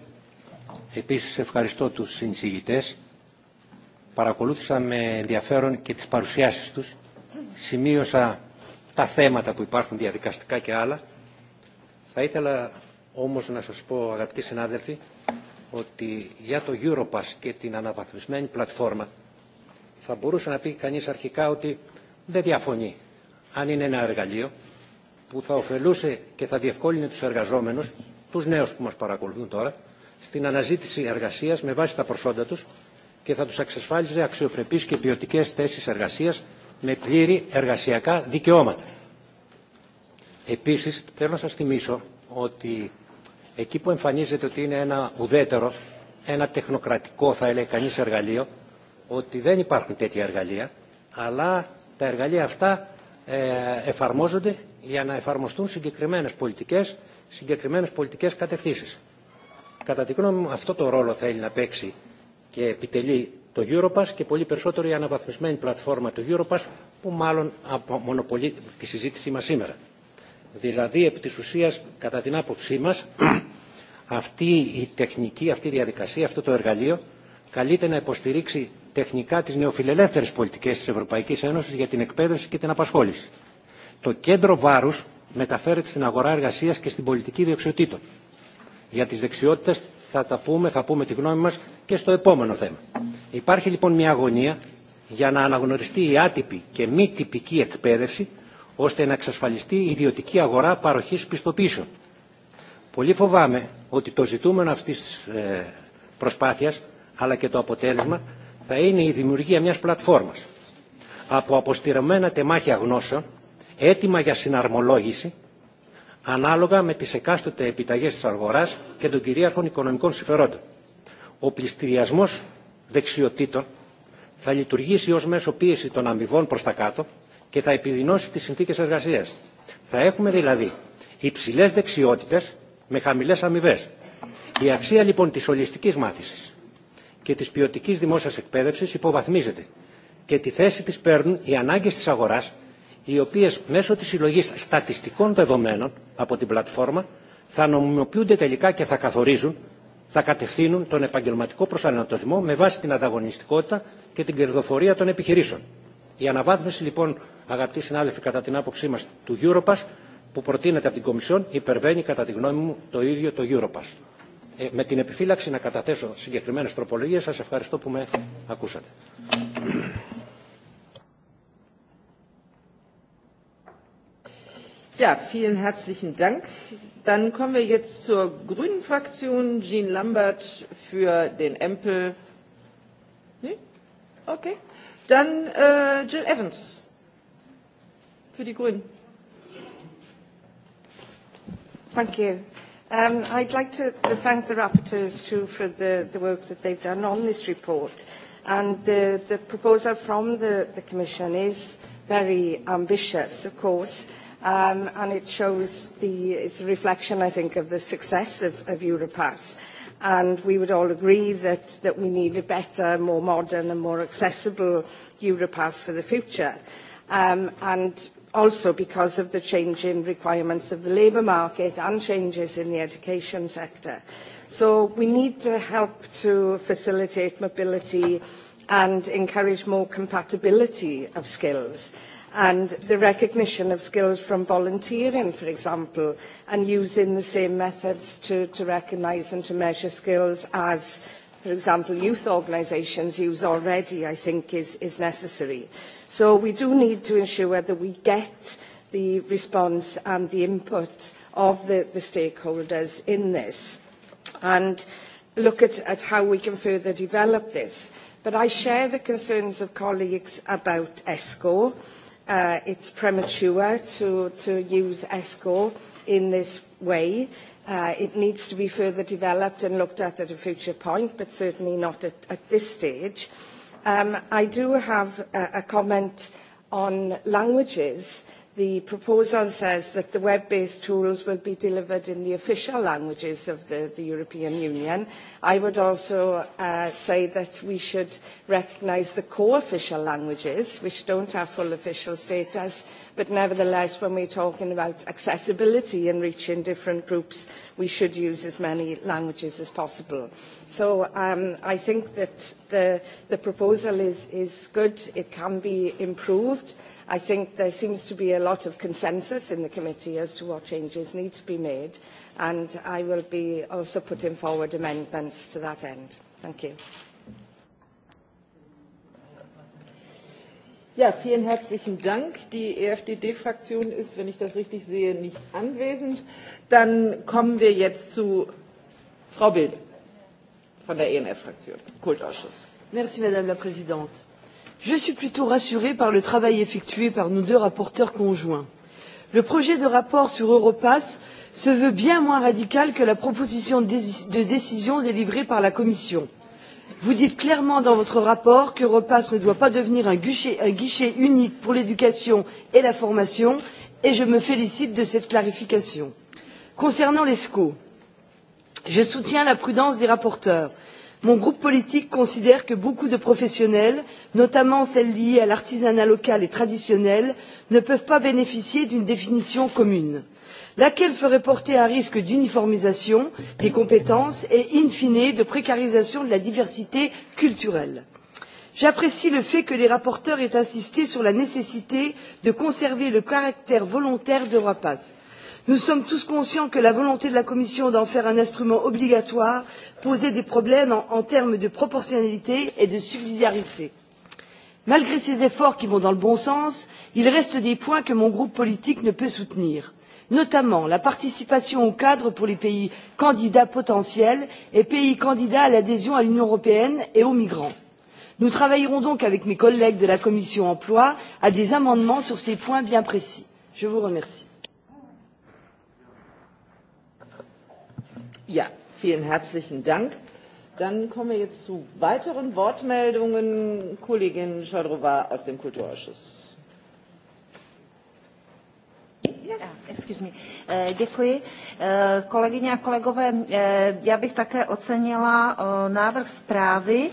Επίσης ευχαριστώ τους συνεισηγητές. Παρακολούθησα με ενδιαφέρον και τις παρουσιάσεις τους. Σημείωσα τα θέματα που υπάρχουν διαδικαστικά και άλλα. Θα ήθελα όμως να σας πω αγαπητοί συνάδελφοι ότι για το Europass και την αναβαθμισμένη πλατφόρμα θα μπορούσε να πει κανείς αρχικά ότι δεν διαφωνεί αν είναι ένα εργαλείο που θα ωφελούσε και θα διευκόλυνε τους εργαζόμενους, τους νέους που μας παρακολουθούν τώρα, στην αναζήτηση εργασία με βάση τα προσόντα του και θα του εξασφάλιζε αξιοπρεπεί και ποιοτικέ θέσει εργασία με πλήρη εργασιακά δικαιώματα. Επίση, θέλω να σα θυμίσω ότι εκεί που εμφανίζεται ότι είναι ένα ουδέτερο, ένα τεχνοκρατικό θα έλεγε κανεί εργαλείο, ότι δεν υπάρχουν τέτοια εργαλεία, αλλά τα εργαλεία αυτά ε, εφαρμόζονται για να εφαρμοστούν συγκεκριμένες πολιτικές, συγκεκριμένες πολιτικές κατευθύνσεις κατά τη γνώμη μου αυτό το ρόλο θέλει να παίξει και επιτελεί το Europass και πολύ περισσότερο η αναβαθμισμένη πλατφόρμα του Europass που μάλλον μονοπολεί τη συζήτησή μας σήμερα. Δηλαδή, επί της ουσίας, κατά την άποψή μας, [CLEARS THROAT] αυτή η τεχνική, αυτή η διαδικασία, αυτό το εργαλείο καλείται να υποστηρίξει τεχνικά τις νεοφιλελεύθερες πολιτικές της Ευρωπαϊκής Ένωσης για την εκπαίδευση και την απασχόληση. Το κέντρο βάρους μεταφέρεται στην αγορά εργασίας και στην πολιτική διοξιοτήτων για τις δεξιότητες θα τα πούμε, θα πούμε τη γνώμη μας και στο επόμενο θέμα. Υπάρχει λοιπόν μια αγωνία για να αναγνωριστεί η άτυπη και μη τυπική εκπαίδευση ώστε να εξασφαλιστεί η ιδιωτική αγορά παροχής πιστοποίησεων. Πολύ φοβάμαι ότι το ζητούμενο αυτής της προσπάθειας αλλά και το αποτέλεσμα θα είναι η δημιουργία μιας πλατφόρμας από αποστηρωμένα τεμάχια γνώσεων, έτοιμα για συναρμολόγηση ανάλογα με τις εκάστοτε επιταγές της αγοράς και των κυρίαρχων οικονομικών συμφερόντων. Ο πληστηριασμός δεξιοτήτων θα λειτουργήσει ως μέσο πίεση των αμοιβών προς τα κάτω και θα επιδεινώσει τις συνθήκες εργασίας. Θα έχουμε δηλαδή υψηλές δεξιότητες με χαμηλές αμοιβέ. Η αξία λοιπόν της ολιστικής μάθησης και της ποιοτικής δημόσιας εκπαίδευσης υποβαθμίζεται και τη θέση της παίρνουν οι ανάγκες της αγοράς οι οποίες μέσω της συλλογής στατιστικών δεδομένων από την πλατφόρμα θα νομιμοποιούνται τελικά και θα καθορίζουν, θα κατευθύνουν τον επαγγελματικό προσανατολισμό με βάση την ανταγωνιστικότητα και την κερδοφορία των επιχειρήσεων. Η αναβάθμιση λοιπόν, αγαπητοί συνάδελφοι, κατά την άποψή μας του Europass που προτείνεται από την Κομισιόν υπερβαίνει κατά τη γνώμη μου το ίδιο το Europass. Ε, με την επιφύλαξη να καταθέσω συγκεκριμένες τροπολογίες, σας ευχαριστώ που με ακούσατε. Ja, vielen herzlichen Dank. Dann kommen wir jetzt zur grünen Fraktion. Jean Lambert für den Empel. Nee? Okay. Dann äh, Jill Evans für die Grünen. Thank you. Um, I'd like to, to thank the rapporteurs too for the, the work that they've done on this report. And the, the proposal from the, the Commission is very ambitious, of course um, and it shows the, it's a reflection, I think, of the success of, of Europass. And we would all agree that, that we need a better, more modern and more accessible Europass for the future. Um, and also because of the change in requirements of the labour market and changes in the education sector. So we need to help to facilitate mobility and encourage more compatibility of skills and the recognition of skills from volunteering, for example, and using the same methods to, to recognise and to measure skills as, for example, youth organisations use already, I think is, is necessary. So we do need to ensure that we get the response and the input of the, the stakeholders in this and look at, at how we can further develop this. But I share the concerns of colleagues about ESCO uh, it's premature to, to use ESCO in this way. Uh, it needs to be further developed and looked at at a future point, but certainly not at, at this stage. Um, I do have a, a comment on languages. The proposal says that the web-based tools will be delivered in the official languages of the, the European Union. I would also uh, say that we should recognise the co-official languages, which don't have full official status, but nevertheless, when we're talking about accessibility and reaching different groups, we should use as many languages as possible. So um, I think that the, the proposal is, is good. It can be improved I think there seems to be a lot of consensus in the committee as to what changes need to be made, and I will be also putting forward amendments to that end. Thank you. Ja, vielen herzlichen Dank. Die EFDD-Fraktion ist, wenn ich das richtig sehe, nicht anwesend. Dann kommen wir jetzt zu Frau Bilde von der ENF-Fraktion, Kultausschuss. Merci, Madame la Présidente. Je suis plutôt rassurée par le travail effectué par nos deux rapporteurs conjoints. Le projet de rapport sur Europass se veut bien moins radical que la proposition de décision délivrée par la Commission. Vous dites clairement dans votre rapport qu'Europass ne doit pas devenir un guichet, un guichet unique pour l'éducation et la formation, et je me félicite de cette clarification. Concernant l'ESCO, je soutiens la prudence des rapporteurs. Mon groupe politique considère que beaucoup de professionnels, notamment celles liées à l'artisanat local et traditionnel, ne peuvent pas bénéficier d'une définition commune, laquelle ferait porter un risque d'uniformisation des compétences et, in fine, de précarisation de la diversité culturelle. J'apprécie le fait que les rapporteurs aient insisté sur la nécessité de conserver le caractère volontaire de Nous sommes tous conscients que la volonté de la Commission d'en faire un instrument obligatoire posait des problèmes en, en termes de proportionnalité et de subsidiarité. Malgré ces efforts qui vont dans le bon sens, il reste des points que mon groupe politique ne peut soutenir, notamment la participation au cadre pour les pays candidats potentiels et pays candidats à l'adhésion à l'Union européenne et aux migrants. Nous travaillerons donc avec mes collègues de la commission emploi à des amendements sur ces points bien précis. Je vous remercie. Ja, vielen herzlichen Dank. Dann kommen wir jetzt zu weiteren Wortmeldungen. Kollegin Schadrova aus dem Kulturausschuss. Excuse me. Eh, děkuji. Eh, kolegyně a kolegové, eh, já bych také ocenila návrh zprávy.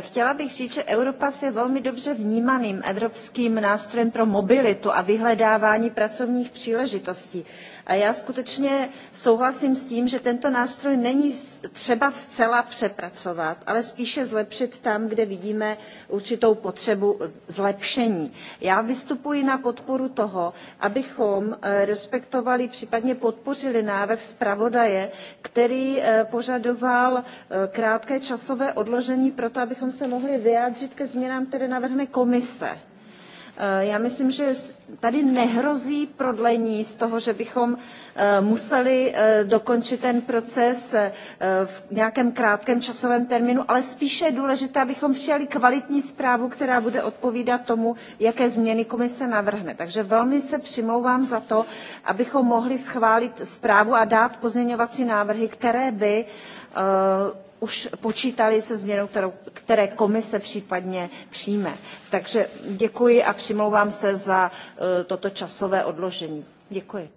Chtěla bych říct, že Europass je velmi dobře vnímaným evropským nástrojem pro mobilitu a vyhledávání pracovních příležitostí. A já skutečně souhlasím s tím, že tento nástroj není třeba zcela přepracovat, ale spíše zlepšit tam, kde vidíme určitou potřebu zlepšení. Já vystupuji na podporu toho, abychom eh, respektovali, případně podpořili návrh zpravodaje, který eh, požadoval eh, krátké časové odložení proto, abychom se mohli vyjádřit ke změnám, které navrhne komise. Eh, já myslím, že tady nehrozí prodlení z toho, že bychom eh, museli eh, dokončit ten proces v nějakém krátkém časovém termínu, ale spíše je důležité, abychom přijali kvalitní zprávu, která bude odpovídat tomu, jaké změny komise navrhne. Takže velmi se přimlouvám za to, abychom mohli schválit zprávu a dát pozměňovací návrhy, které by už počítali se změnou, kterou, které komise případně přijme. Takže děkuji a přimlouvám se za e, toto časové odložení. Děkuji.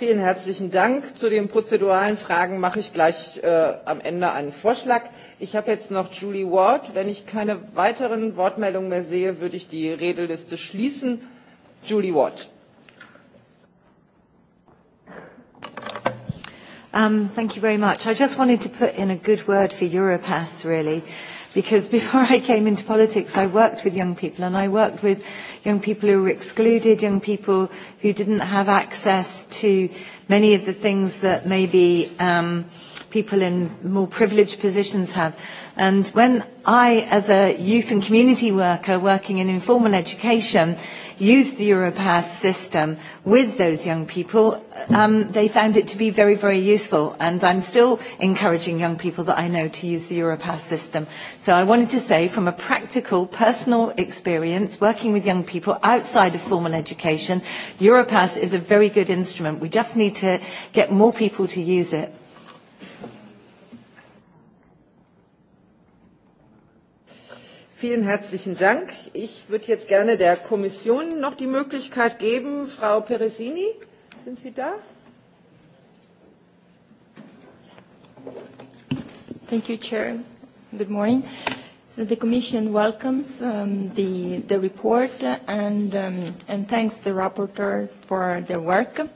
Vielen herzlichen Dank. Zu den prozeduralen Fragen mache ich gleich äh, am Ende einen Vorschlag. Ich habe jetzt noch Julie Ward. Wenn ich keine weiteren Wortmeldungen mehr sehe, würde ich die Redeliste schließen. Julie Ward. Um, thank you very much. I just wanted to put in a good word for Europass, really, because [LAUGHS] before I came into politics, I worked with young people, and I worked with young people who were excluded, young people who didn't have access to many of the things that maybe um, people in more privileged positions have. And when I, as a youth and community worker working in informal education, use the Europass system with those young people, um, they found it to be very, very useful. And I'm still encouraging young people that I know to use the Europass system. So I wanted to say from a practical, personal experience, working with young people outside of formal education, Europass is a very good instrument. We just need to get more people to use it. Vielen herzlichen Dank. Ich würde jetzt gerne der Kommission noch die Möglichkeit geben. Frau Peresini, sind Sie da? Thank you, Chair. Good morning. So the Commission welcomes um, the, the report uh, and, um, and thanks the rapporteurs for their work.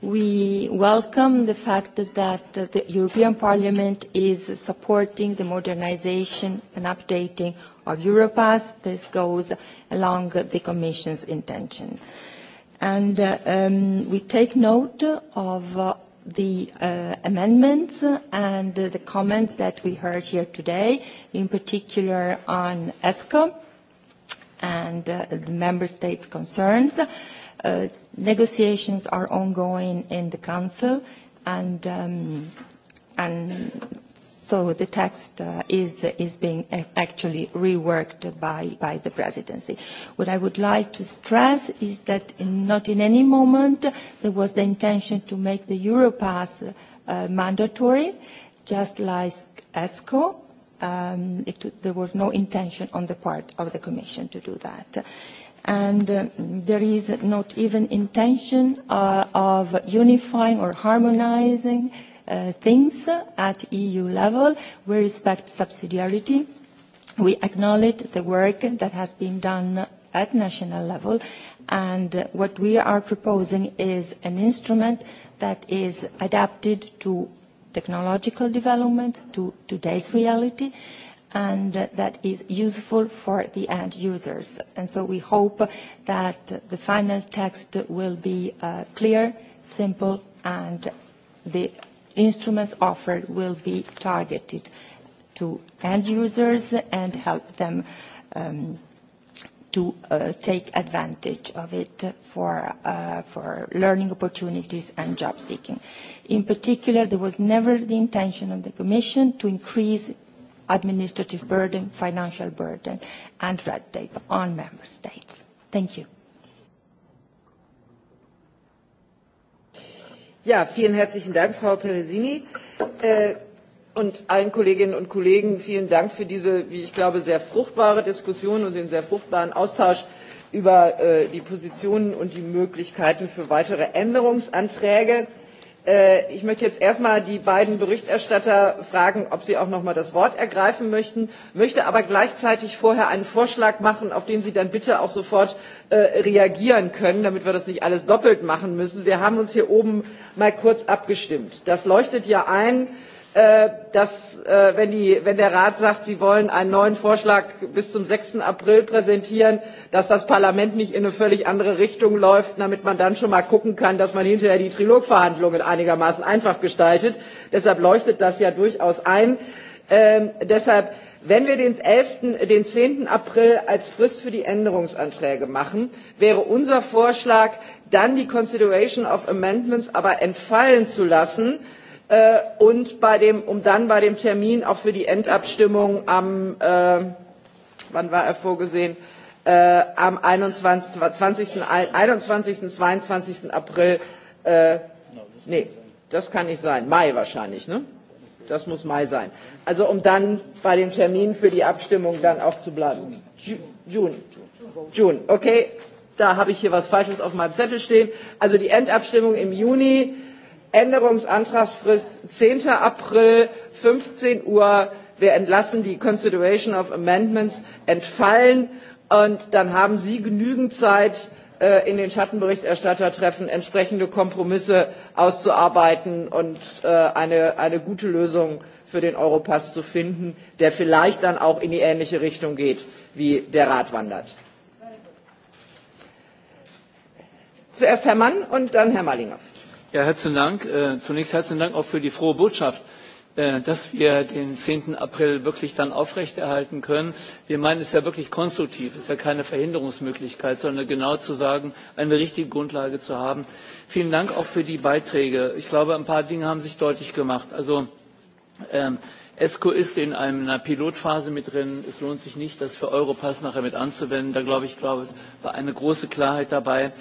We welcome the fact that uh, the European Parliament is supporting the modernization and updating of Europass. This goes along the Commission's intention. And uh, um, we take note of uh, the uh, amendments and uh, the comments that we heard here today, in particular on ESCO and uh, the member states' concerns. Uh, negotiations are ongoing in the Council, and, um, and so the text uh, is, is being actually reworked by, by the Presidency. What I would like to stress is that in, not in any moment there was the intention to make the Europass uh, mandatory, just like ESCO. Um, it, there was no intention on the part of the Commission to do that and uh, there is not even intention uh, of unifying or harmonizing uh, things at EU level. We respect subsidiarity. We acknowledge the work that has been done at national level and uh, what we are proposing is an instrument that is adapted to technological development, to today's reality, uh, and that is useful for the end users. so we hope that the final text will be uh, clear, simple, and the instruments offered will be targeted to end users and help them um, to uh, take advantage of it uh, for learning opportunities and job seeking. In particular, there was never the intention of the Commission to increase administrative burden, financial burden, and red tape on member states. Thank you. Ja, vielen herzlichen Dank, Frau Peresini. Äh, und allen Kolleginnen und Kollegen vielen Dank für diese, wie ich glaube, sehr fruchtbare Diskussion und den sehr fruchtbaren Austausch über äh, die Positionen und die Möglichkeiten für weitere Änderungsanträge. Äh, ich möchte jetzt erstmal die beiden Berichterstatter fragen, ob sie auch noch mal das Wort ergreifen möchten, möchte aber gleichzeitig vorher einen Vorschlag machen, auf den sie dann bitte auch sofort äh, reagieren können, damit wir das nicht alles doppelt machen müssen. Wir haben uns hier oben mal kurz abgestimmt. Das leuchtet ja ein. Äh, Äh, dass äh, wenn, die, wenn der Rat sagt, sie wollen einen neuen Vorschlag bis zum 6. April präsentieren, dass das Parlament nicht in eine völlig andere Richtung läuft, damit man dann schon mal gucken kann, dass man hinterher die Trilogverhandlungen einigermaßen einfach gestaltet. Deshalb leuchtet das ja durchaus ein. Ähm, deshalb, wenn wir den, 11., den 10. April als Frist für die Änderungsanträge machen, wäre unser Vorschlag, dann die Consideration of Amendments aber entfallen zu lassen, äh, und bei dem, um dann bei dem Termin auch für die Endabstimmung am, äh, wann war er vorgesehen, äh, am 21. 20, 21. 22. April, äh, nee, das kann nicht sein, Mai wahrscheinlich, ne? Das muss Mai sein. Also um dann bei dem Termin für die Abstimmung dann auch zu bleiben. June. June, okay. Da habe ich hier was Falsches auf meinem Zettel stehen. Also die Endabstimmung im Juni, Änderungsantragsfrist 10. April 15 Uhr. Wir entlassen die Consideration of Amendments entfallen und dann haben Sie genügend Zeit, äh, in den Schattenberichterstattertreffen entsprechende Kompromisse auszuarbeiten und äh, eine, eine gute Lösung für den Europass zu finden, der vielleicht dann auch in die ähnliche Richtung geht, wie der Rat wandert. Zuerst Herr Mann und dann Herr Malinghoff. Ja, herzlichen Dank. Äh, zunächst herzlichen Dank auch für die frohe Botschaft äh, dass wir den 10. April wirklich dann aufrechterhalten können. Wir meinen es ja wirklich konstruktiv, es ist ja keine Verhinderungsmöglichkeit, sondern genau zu sagen, eine richtige Grundlage zu haben. Vielen Dank auch für die Beiträge. Ich glaube, ein paar Dinge haben sich deutlich gemacht. Also, ähm, ESCO ist in einer Pilotphase mit drin. Es lohnt sich nicht, das für Europass nachher mit anzuwenden. Da glaube ich, glaube, es war eine große Klarheit dabei.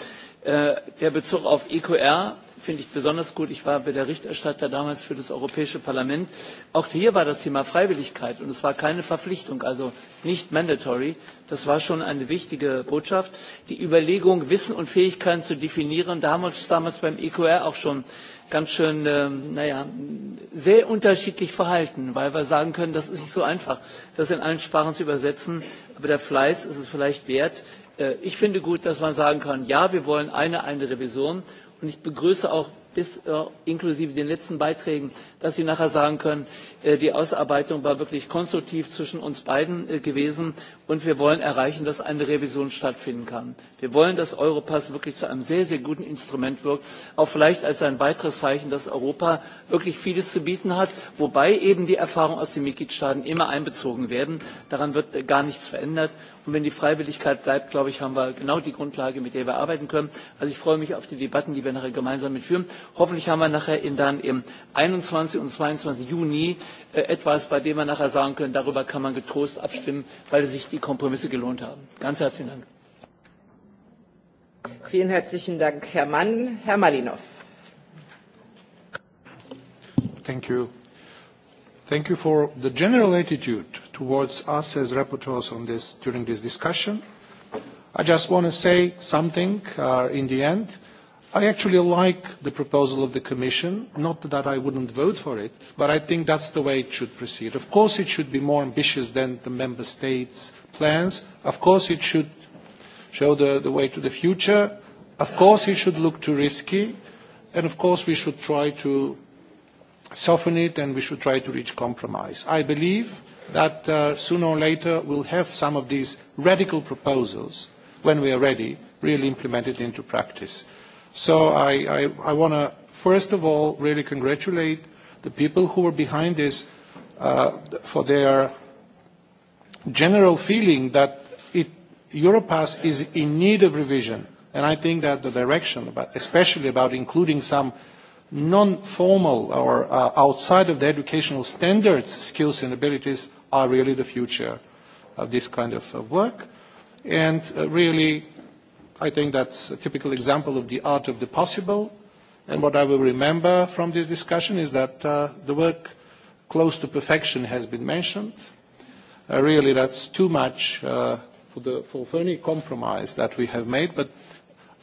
Äh, der Bezug auf EQR finde ich besonders gut. Ich war Berichterstatter damals für das Europäische Parlament. Auch hier war das Thema Freiwilligkeit und es war keine Verpflichtung, also nicht mandatory. Das war schon eine wichtige Botschaft. Die Überlegung, Wissen und Fähigkeiten zu definieren, da haben wir uns damals beim EQR auch schon ganz schön, ähm, naja, sehr unterschiedlich verhalten, weil wir sagen können, das ist nicht so einfach, das in allen Sprachen zu übersetzen, aber der Fleiß ist es vielleicht wert. Äh, ich finde gut, dass man sagen kann, ja, wir wollen eine, eine Revision Und ich begrüße auch bis äh, inklusive den letzten Beiträgen, dass Sie nachher sagen können, äh, die Ausarbeitung war wirklich konstruktiv zwischen uns beiden äh, gewesen und wir wollen erreichen, dass eine Revision stattfinden kann. Wir wollen, dass Europass wirklich zu einem sehr, sehr guten Instrument wird, auch vielleicht als ein weiteres Zeichen, dass Europa wirklich vieles zu bieten hat, wobei eben die Erfahrungen aus den Mitgliedstaaten immer einbezogen werden. Daran wird gar nichts verändert. Und wenn die Freiwilligkeit bleibt, glaube ich, haben wir genau die Grundlage, mit der wir arbeiten können. Also ich freue mich auf die Debatten, die wir nachher gemeinsam mitführen. Hoffentlich haben wir nachher in dann im 21 und 22 Juni äh, etwas, bei dem wir nachher sagen können, darüber kann man getrost abstimmen, weil sich die die Kompromisse gelohnt haben. Ganz herzlichen Dank. Vielen herzlichen Dank, Herr Mann. Herr Malinov. Thank you. Thank you for the general attitude towards us as rapporteurs on this, during this discussion. I just want to say something uh, in the end. I actually like the proposal of the Commission, not that I wouldn't vote for it, but I think that's the way it should proceed. Of course it should be more ambitious than the Member States plans. Of course, it should show the, the way to the future. Of course, it should look too risky. And of course, we should try to soften it and we should try to reach compromise. I believe that uh, sooner or later we'll have some of these radical proposals, when we are ready, really implemented into practice. So I, I, I want to, first of all, really congratulate the people who were behind this uh, for their general feeling that it, Europass is in need of revision. And I think that the direction, about, especially about including some non-formal or uh, outside of the educational standards skills and abilities are really the future of this kind of work. And uh, really, I think that's a typical example of the art of the possible. And what I will remember from this discussion is that uh, the work close to perfection has been mentioned uh, really that's too much uh, for, the, for any compromise that we have made. But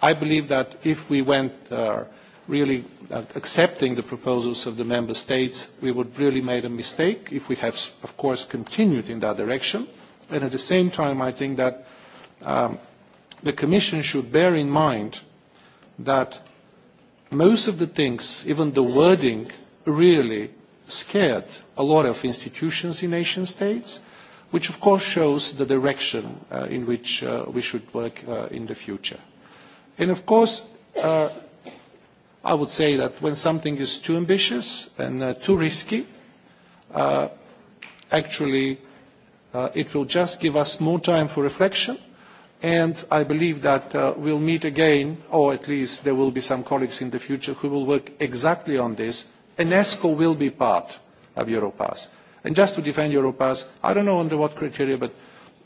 I believe that if we went uh, really uh, accepting the proposals of the member states, we would really made a mistake if we have, of course, continued in that direction. And at the same time, I think that um, the Commission should bear in mind that most of the things, even the wording, really scared a lot of institutions in nation states which of course shows the direction uh, in which uh, we should work uh, in the future. And of course, uh, I would say that when something is too ambitious and uh, too risky, uh, actually uh, it will just give us more time for reflection and I believe that uh, we'll meet again, or at least there will be some colleagues in the future who will work exactly on this, and ESCO will be part of Europass and just to defend Europass, I don't know under what criteria, but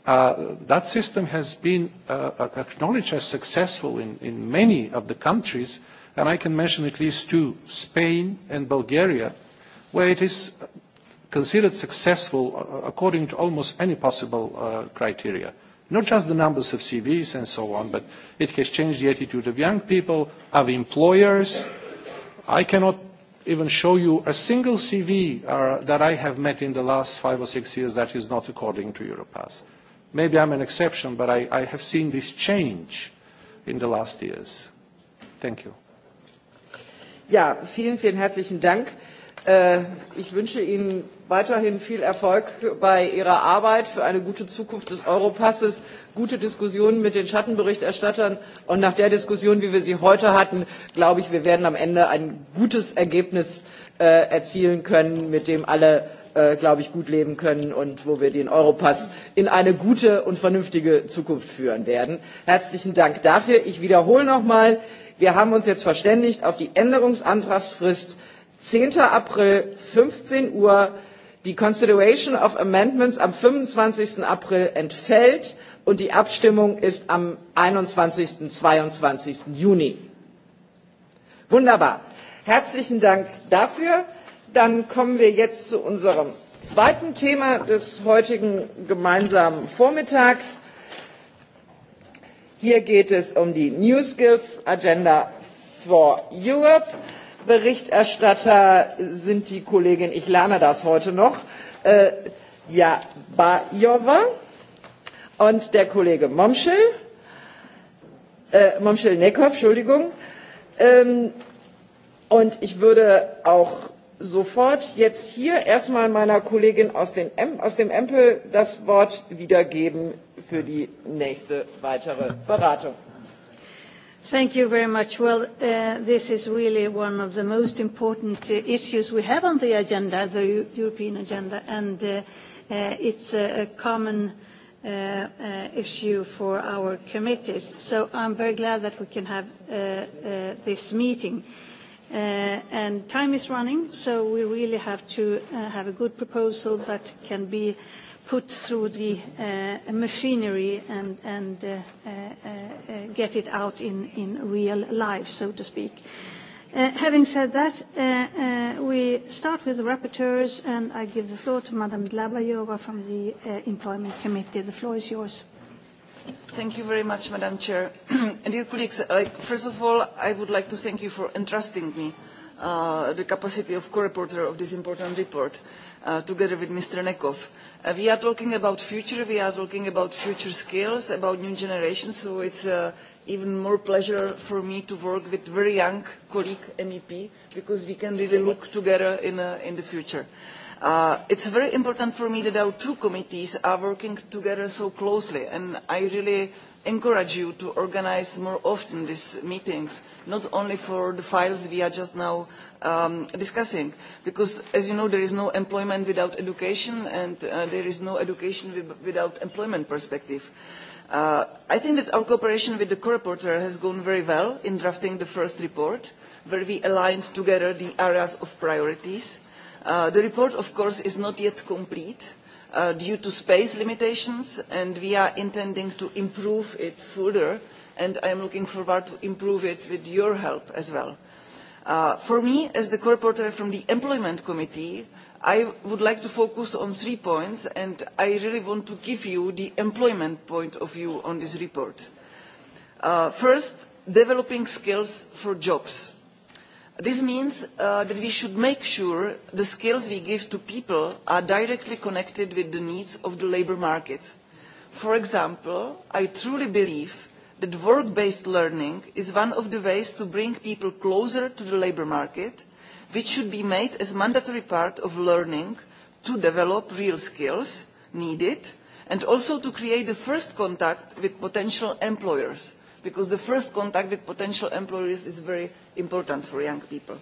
uh, that system has been uh, uh, acknowledged as successful in, in many of the countries, and I can mention at least two, Spain and Bulgaria, where it is considered successful uh, according to almost any possible uh, criteria. Not just the numbers of CVs and so on, but it has changed the attitude of young people, of employers. I cannot even show you a single CV uh, that I have met in the last five or six years that is not according to Europass. Maybe I'm an exception, but I, I have seen this change in the last years. Thank you. Ja, vielen, vielen herzlichen Dank. Uh, ich wünsche Ihnen weiterhin viel Erfolg bei Ihrer Arbeit für eine gute Zukunft des Europasses, gute Diskussionen mit den Schattenberichterstattern und nach der Diskussion, wie wir sie heute hatten, glaube ich, wir werden am Ende ein gutes Ergebnis äh, erzielen können, mit dem alle, äh, glaube ich, gut leben können und wo wir den Europass in eine gute und vernünftige Zukunft führen werden. Herzlichen Dank dafür. Ich wiederhole nochmal, wir haben uns jetzt verständigt auf die Änderungsantragsfrist 10. April 15 Uhr Die Consideration of Amendments am 25. April entfällt und die Abstimmung ist am 21. und 22. Juni. Wunderbar. Herzlichen Dank dafür. Dann kommen wir jetzt zu unserem zweiten Thema des heutigen gemeinsamen Vormittags. Hier geht es um die New Skills Agenda for Europe. Berichterstatter sind die Kollegin, ich lerne das heute noch, äh, ja, Bajova und der Kollege Momschel, äh, Momschel Neckhoff, Entschuldigung. Ähm, und ich würde auch sofort jetzt hier erstmal meiner Kollegin aus, den, aus dem Empel das Wort wiedergeben für die nächste weitere Beratung. Thank you very much. Well, uh, this is really one of the most important uh, issues we have on the agenda, the U European agenda, and uh, uh, it's a, a common uh, uh, issue for our committees. So I'm very glad that we can have uh, uh, this meeting. Uh, and time is running, so we really have to uh, have a good proposal that can be uh, put through the uh, machinery and, and uh, uh, uh, get it out in, in real life, so to speak. Uh, having said that, uh, uh, we start with the rapporteurs, and I give the floor to Madam Dlabayova from the uh, Employment Committee. The floor is yours. Thank you very much, Madam Chair. [CLEARS THROAT] Dear colleagues, like, first of all, I would like to thank you for entrusting me uh, uh, the capacity of co-reporter of this important report uh, together with Mr. Nekov. Uh, we are talking about future, we are talking about future skills, about new generations, so it's uh, even more pleasure for me to work with very young colleague MEP because we can really look together in, uh, in the future. Uh, it's very important for me that our two committees are working together so closely and I really encourage you to organize more often these meetings, not only for the files we are just now um, discussing, because as you know there is no employment without education and uh, there is no education without employment perspective. Uh, I think that our cooperation with the co-reporter has gone very well in drafting the first report, where we aligned together the areas of priorities. Uh, the report, of course, is not yet complete, uh, due to space limitations, and we are intending to improve it further, and I am looking forward to improve it with your help as well. Uh, for me, as the co-reporter from the Employment Committee, I would like to focus on three points, and I really want to give you the employment point of view on this report. Uh, first, developing skills for jobs. This means uh, that we should make sure the skills we give to people are directly connected with the needs of the labour market. For example, I truly believe that work-based learning is one of the ways to bring people closer to the labour market, which should be made as mandatory part of learning to develop real skills needed and also to create the first contact with potential employers because the first contact with potential employers is very important for young people.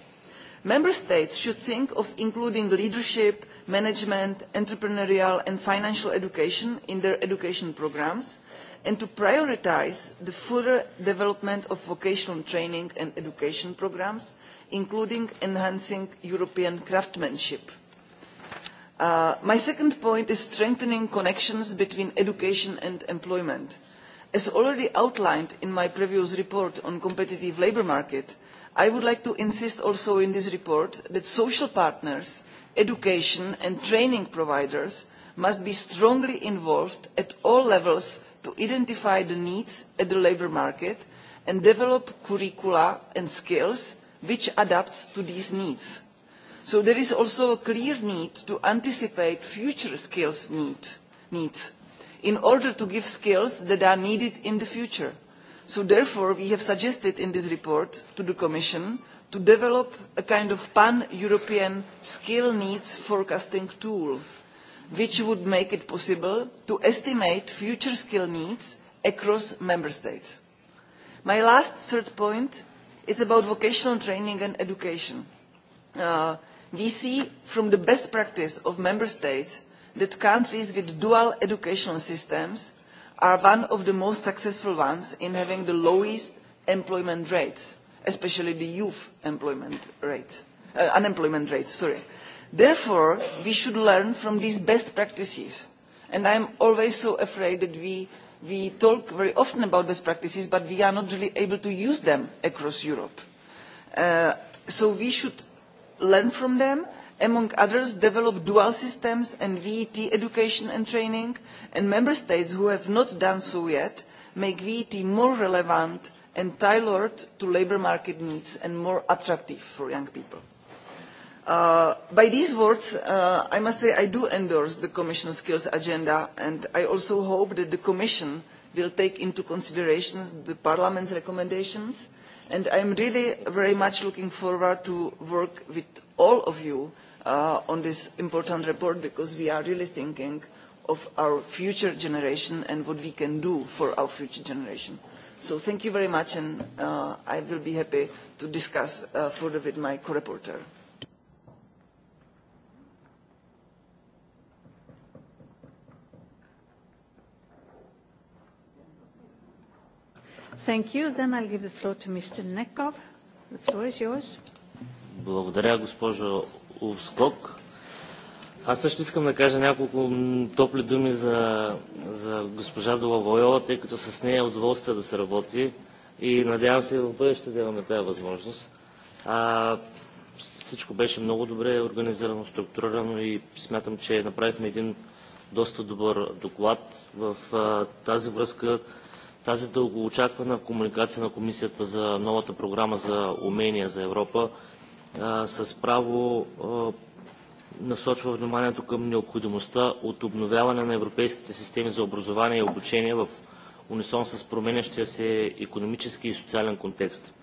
Member States should think of including leadership, management, entrepreneurial and financial education in their education programs and to prioritize the further development of vocational training and education programs, including enhancing European craftsmanship. Uh, my second point is strengthening connections between education and employment. As already outlined in my previous report on competitive labour market, I would like to insist also in this report that social partners, education and training providers must be strongly involved at all levels to identify the needs at the labour market and develop curricula and skills which adapt to these needs. So there is also a clear need to anticipate future skills need, needs in order to give skills that are needed in the future. So therefore, we have suggested in this report to the Commission to develop a kind of pan-European skill needs forecasting tool, which would make it possible to estimate future skill needs across member states. My last third point is about vocational training and education. Uh, we see from the best practice of member states that countries with dual educational systems are one of the most successful ones in having the lowest employment rates, especially the youth employment rate, uh, unemployment rates, sorry. Therefore, we should learn from these best practices. And I'm always so afraid that we, we talk very often about best practices, but we are not really able to use them across Europe. Uh, so we should learn from them among others, develop dual systems and VET education and training, and member states who have not done so yet make VET more relevant and tailored to labour market needs and more attractive for young people. Uh, by these words, uh, I must say I do endorse the Commission skills agenda, and I also hope that the Commission will take into consideration the Parliament's recommendations, and I am really very much looking forward to work with all of you uh, on this important report because we are really thinking of our future generation and what we can do for our future generation. So thank you very much and uh, I will be happy to discuss uh, further with my co-reporter. Thank you. Then I'll give the floor to Mr. Nekov. The floor is yours. Благодаря, госпожо Скок. Аз също искам да кажа няколко топли думи за, за госпожа Долавойова, тъй като с нея е удоволствие да се работи и надявам се и в бъдеще да имаме тази възможност. А, всичко беше много добре организирано, структурирано и смятам, че направихме един доста добър доклад. В а, тази връзка тази дългоочаквана комуникация на Комисията за новата програма за умения за Европа а, с право а, насочва вниманието към необходимостта от обновяване на европейските системи за образование и обучение в унисон с променящия се економически и социален контекст.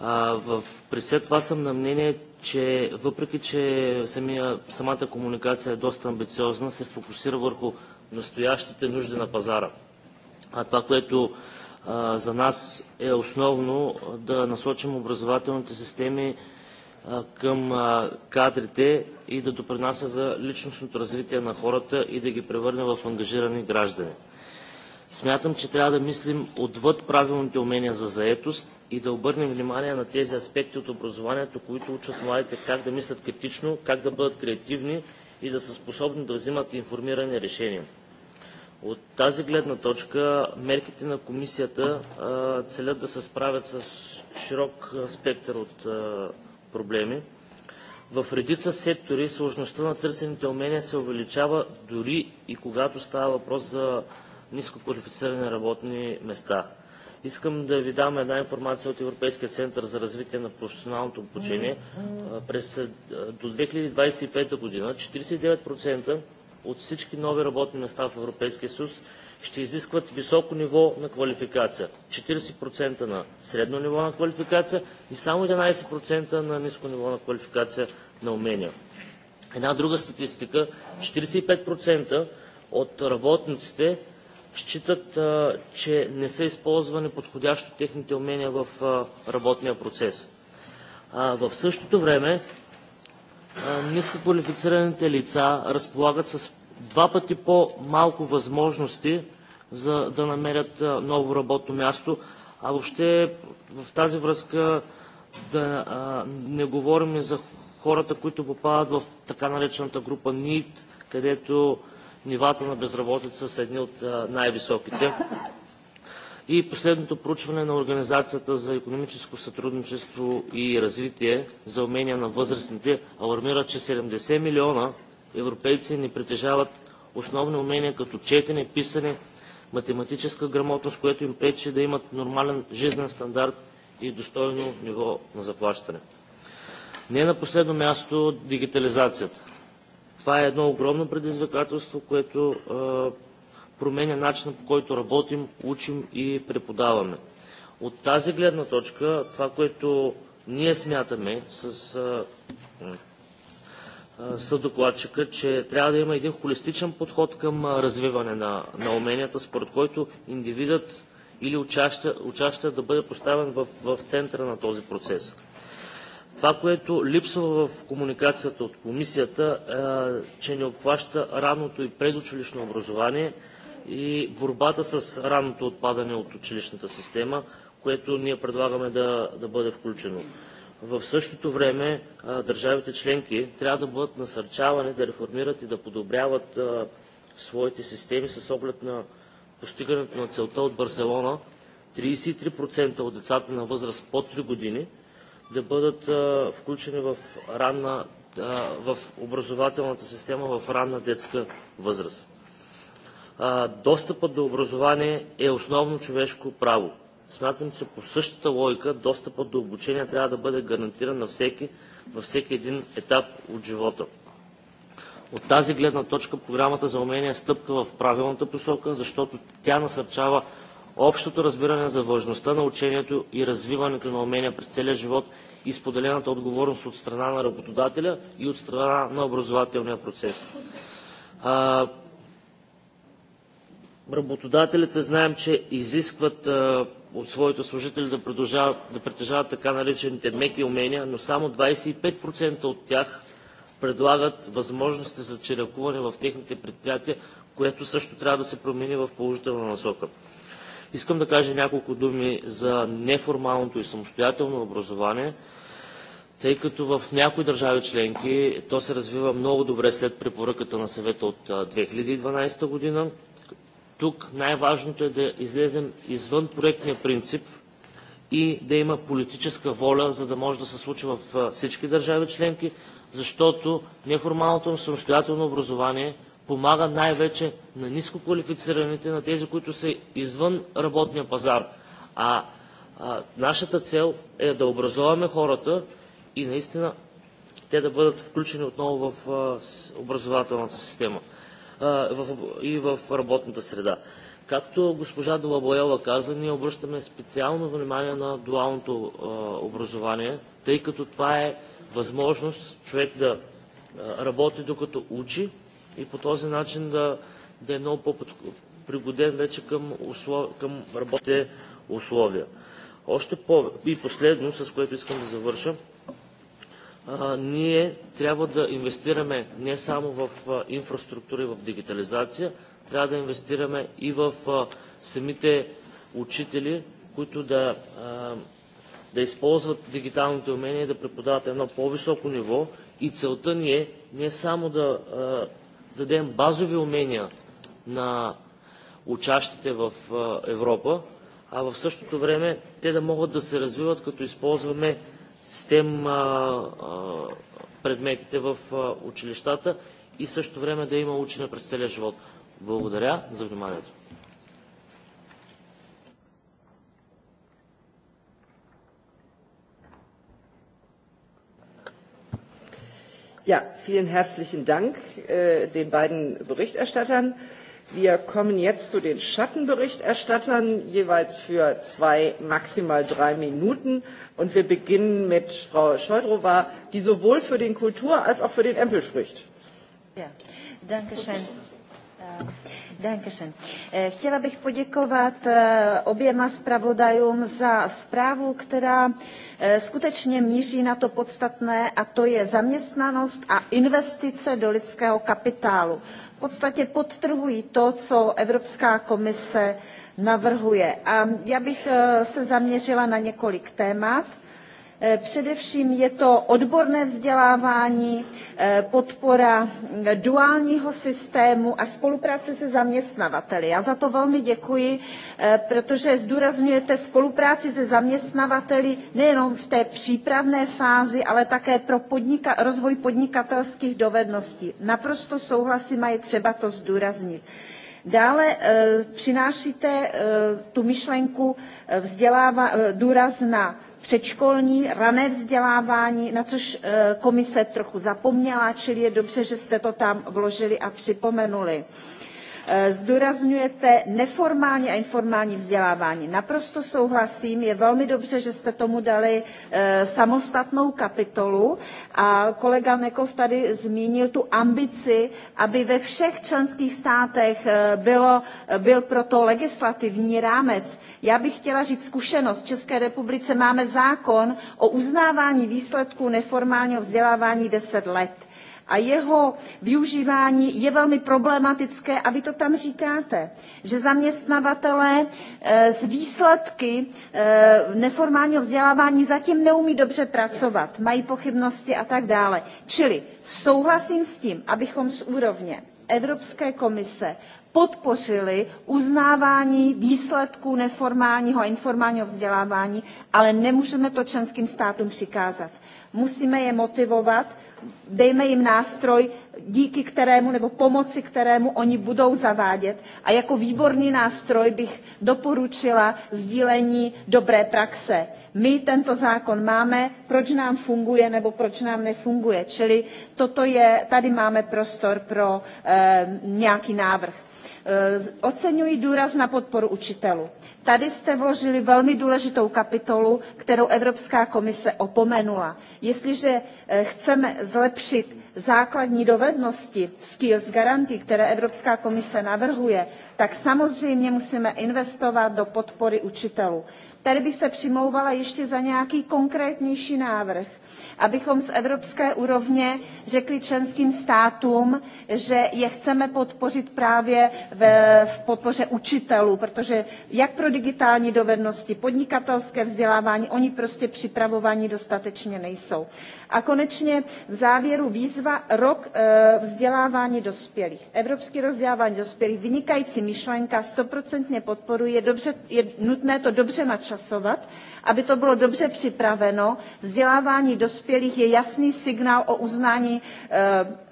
А, в, при все това съм на мнение, че въпреки, че самия, самата комуникация е доста амбициозна, се фокусира върху настоящите нужди на пазара. А това, което а, за нас е основно да насочим образователните системи към кадрите и да допринася за личностното развитие на хората и да ги превърне в ангажирани граждани. Смятам, че трябва да мислим отвъд правилните умения за заетост и да обърнем внимание на тези аспекти от образованието, които учат младите как да мислят критично, как да бъдат креативни и да са способни да взимат информирани решения. От тази гледна точка мерките на комисията целят да се справят с широк спектър от проблеми. В редица сектори сложността на търсените умения се увеличава дори и когато става въпрос за ниско квалифицирани работни места. Искам да ви дам една информация от Европейския център за развитие на професионалното обучение. През, до 2025 година 49% от всички нови работни места в Европейския съюз ще изискват високо ниво на квалификация. 40% на средно ниво на квалификация и само 11% на ниско ниво на квалификация на умения. Една друга статистика, 45% от работниците считат, че не са използвани подходящо техните умения в работния процес. В същото време нискоквалифицираните лица разполагат с два пъти по-малко възможности за да намерят ново работно място. А въобще в тази връзка да не говорим за хората, които попадат в така наречената група НИД, където нивата на безработица са едни от най-високите. И последното проучване на Организацията за економическо сътрудничество и развитие за умения на възрастните алармира, че 70 милиона европейци не притежават основни умения като четене, писане, математическа грамотност, което им пречи да имат нормален жизнен стандарт и достойно ниво на заплащане. Не на последно място дигитализацията. Това е едно огромно предизвикателство, което е, променя начина по който работим, учим и преподаваме. От тази гледна точка, това, което ние смятаме с е, с докладчика, че трябва да има един холистичен подход към развиване на, на уменията, според който индивидът или учаща, да бъде поставен в, в центъра на този процес. Това, което липсва в комуникацията от комисията, е, че не обхваща ранното и презучилищно образование и борбата с ранното отпадане от училищната система, което ние предлагаме да, да бъде включено. В същото време държавите членки трябва да бъдат насърчавани да реформират и да подобряват своите системи с оглед на постигането на целта от Барселона 33% от децата на възраст под 3 години да бъдат включени в, ранна, в образователната система в ранна детска възраст. Достъпът до образование е основно човешко право Смятам, че по същата логика достъпът до обучение трябва да бъде гарантиран на всеки във всеки един етап от живота. От тази гледна точка програмата за умения стъпка в правилната посока, защото тя насърчава общото разбиране за важността на учението и развиването на умения през целия живот и споделената отговорност от страна на работодателя и от страна на образователния процес работодателите знаем, че изискват а, от своите служители да, да притежават така наречените меки умения, но само 25% от тях предлагат възможности за черекуване в техните предприятия, което също трябва да се промени в положителна насока. Искам да кажа няколко думи за неформалното и самостоятелно образование, тъй като в някои държави членки то се развива много добре след препоръката на съвета от 2012 година, Тук най-важното е да излезем извън проектния принцип и да има политическа воля, за да може да се случи в всички държави членки, защото неформалното самостоятелно образование помага най-вече на ниско квалифицираните, на тези, които са извън работния пазар. А, а нашата цел е да образоваме хората и наистина те да бъдат включени отново в а, образователната система и в работната среда. Както госпожа Долабоева каза, ние обръщаме специално внимание на дуалното образование, тъй като това е възможност човек да работи докато учи и по този начин да, да е много по-пригоден вече към, услов... към работните условия. Още по... И последно, с което искам да завърша, ние трябва да инвестираме не само в инфраструктура и в дигитализация, трябва да инвестираме и в самите учители, които да, да използват дигиталните умения и да преподават едно по-високо ниво. И целта ни е не само да дадем базови умения на учащите в Европа, а в същото време те да могат да се развиват, като използваме STEM предметите в училищата и също време да има учене през целия живот. Благодаря за вниманието. Ja, vielen herzlichen Dank äh, den beiden Berichterstattern. Wir kommen jetzt zu den Schattenberichterstattern, jeweils für zwei, maximal drei Minuten. Und wir beginnen mit Frau Scheudrova, die sowohl für den Kultur- als auch für den Empel spricht. Ja, danke schön. Dankeschön. Eh, chtěla bych poděkovat eh, oběma zpravodajům za zprávu, která eh, skutečně míří na to podstatné, a to je zaměstnanost a investice do lidského kapitálu. V podstatě podtrhují to, co Evropská komise navrhuje. A já bych se zaměřila na několik témat. Eh, především je to odborné vzdělávání, eh, podpora eh, duálního systému a spolupráce se zaměstnavateli. Já za to velmi děkuji, protože zdůrazňujete spolupráci se zaměstnavateli nejenom v té přípravné fázi, ale také pro podnika- rozvoj podnikatelských dovedností. Naprosto souhlasím a je třeba to zdůraznit. Dále přinášíte tu myšlenku vzdělává, důraz na předškolní, rané vzdělávání, na což eh, komise trochu zapomněla, čili je dobře, že jste to tam vložili a připomenuli. Eh, zdůrazňujete neformální a informální vzdělávání. Naprosto souhlasím, je velmi dobře, že jste tomu dali eh, samostatnou kapitolu a kolega Nekov tady zmínil tu ambici, aby ve všech členských státech eh, bylo, byl proto legislativní rámec. Já bych chtěla říct zkušenost. V České republice máme zákon o uznávání výsledků neformálního vzdělávání 10 let a jeho využívání je velmi problematické a vy to tam říkáte, že zaměstnavatele z výsledky e, neformálního vzdělávání zatím neumí dobře pracovat, mají pochybnosti a tak dále. Čili souhlasím s tím, abychom z úrovně Evropské komise podpořili uznávání výsledků neformálního a informálního vzdělávání, ale nemůžeme to členským státům přikázat. Musíme je motivovat, dejme jim nástroj, díky kterému nebo pomoci kterému oni budou zavádět. A jako výborný nástroj bych doporučila sdílení dobré praxe. My tento zákon máme, proč nám funguje nebo proč nám nefunguje. Čili toto je, tady máme prostor pro e, nějaký návrh. Eh, oceňuji důraz na podporu učitelů. Tady jste vložili velmi důležitou kapitolu, kterou Evropská komise opomenula. Jestliže eh, chceme zlepšit základní dovednosti, skills garanty, které Evropská komise navrhuje, tak samozřejmě musíme investovat do podpory učitelů. Tady bych se přimlouvala ještě za nějaký konkrétnější návrh, abychom z evropské úrovně řekli členským státům, že je chceme podpořit právě v, v podpoře učitelů, protože jak pro digitální dovednosti, podnikatelské vzdělávání, oni prostě připravovaní dostatečně nejsou. A konečně v závěru výzva rok e, vzdělávání dospělých. Evropský rok vzdělávání dospělých, vynikající myšlenka, stoprocentně podporuji, je, dobře, je nutné to dobře načasovat, aby to bylo dobře připraveno. Vzdělávání dospělých je jasný signál o uznání eh,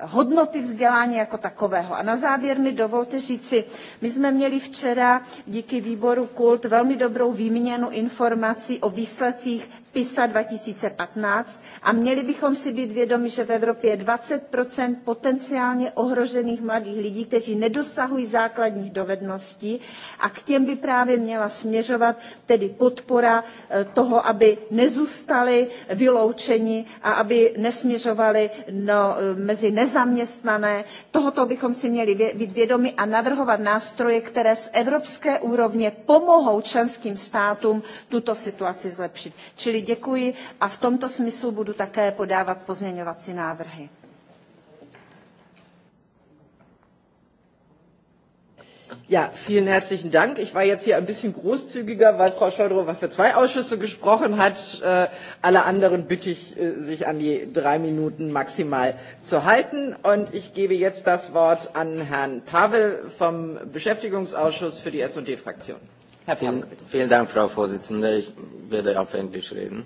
hodnoty vzdělání jako takového. A na závěr mi dovolte říci, my jsme měli včera díky výboru KULT velmi dobrou výměnu informací o výsledcích PISA 2015 a měli bychom si být vědomi, že v Evropě je 20 potenciálně ohrožených mladých lidí, kteří nedosahují základních dovedností a k těm by právě měla směřovat tedy podpora eh, toho, aby nezůstali vyloučeni a aby nesměřovali no, eh, mezi nezaměstnané. Tohoto bychom si měli být vědomi a navrhovat nástroje, které z evropské úrovně pomohou členským státům tuto situaci zlepšit. Čili děkuji a v tomto smyslu budu také podávat pozměňovací návrhy. Ja, vielen herzlichen Dank. Ich war jetzt hier ein bisschen großzügiger, weil Frau Scheudrover für zwei Ausschüsse gesprochen hat. Äh, alle anderen bitte ich, äh, sich an die drei Minuten maximal zu halten. Und ich gebe jetzt das Wort an Herrn Pavel vom Beschäftigungsausschuss für die S&D-Fraktion. Herr vielen, vielen Dank, Frau Vorsitzende. Ich werde auf Englisch reden.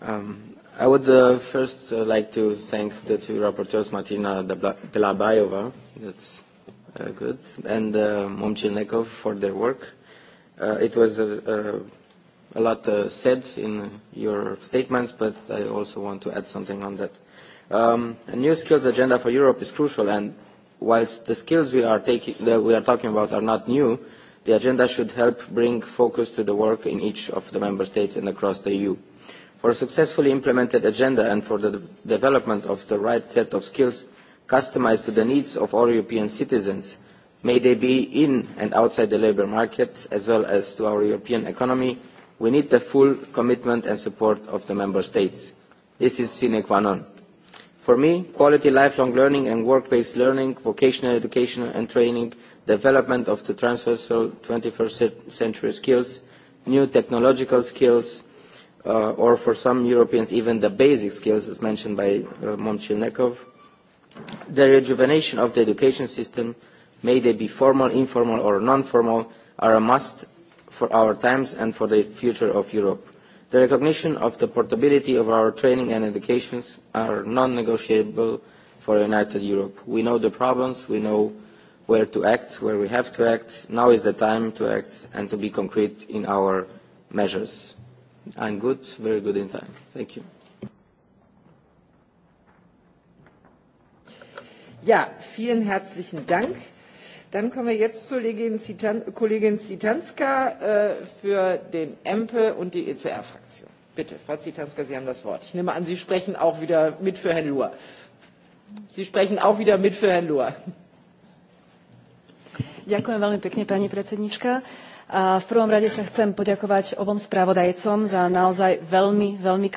Um, I would uh, first uh, like to thank the two rapporteurs, Martina Delabayova, that's uh, good, and uh, Momchinekov for their work. Uh, it was uh, uh, a lot uh, said in your statements, but I also want to add something on that. Um, a new skills agenda for Europe is crucial, and whilst the skills we are, taking, that we are talking about are not new, The agenda should help bring focus to the work in each of the member states and across the EU. For a successfully implemented agenda and for the de development of the right set of skills customized to the needs of all European citizens, may they be in and outside the labour market as well as to our European economy, we need the full commitment and support of the member states. This is sine qua non. For me, quality lifelong learning and work-based learning, vocational education and training development of the transversal 21st century skills, new technological skills, uh, or for some Europeans even the basic skills as mentioned by uh, Momchilnikov, the rejuvenation of the education system, may they be formal, informal or non-formal, are a must for our times and for the future of Europe. The recognition of the portability of our training and educations are non-negotiable for a united Europe. We know the problems, we know where to act, where we have to act. Now is the time to act and to be concrete in our measures. I'm good, very good in time. Thank you. Ja, vielen herzlichen Dank. Dann kommen wir jetzt zu Kollegin Zitanska äh, für den EMPE und die ECR-Fraktion. Bitte, Frau Zitanska, Sie haben das Wort. Ich nehme an, Sie sprechen auch wieder mit für Herrn Lohr. Sie sprechen auch wieder mit für Herrn Lohr. Ďakujem veľmi pekne, pani predsednička. A v prvom rade sa chcem poďakovať obom správodajcom za naozaj veľmi, veľmi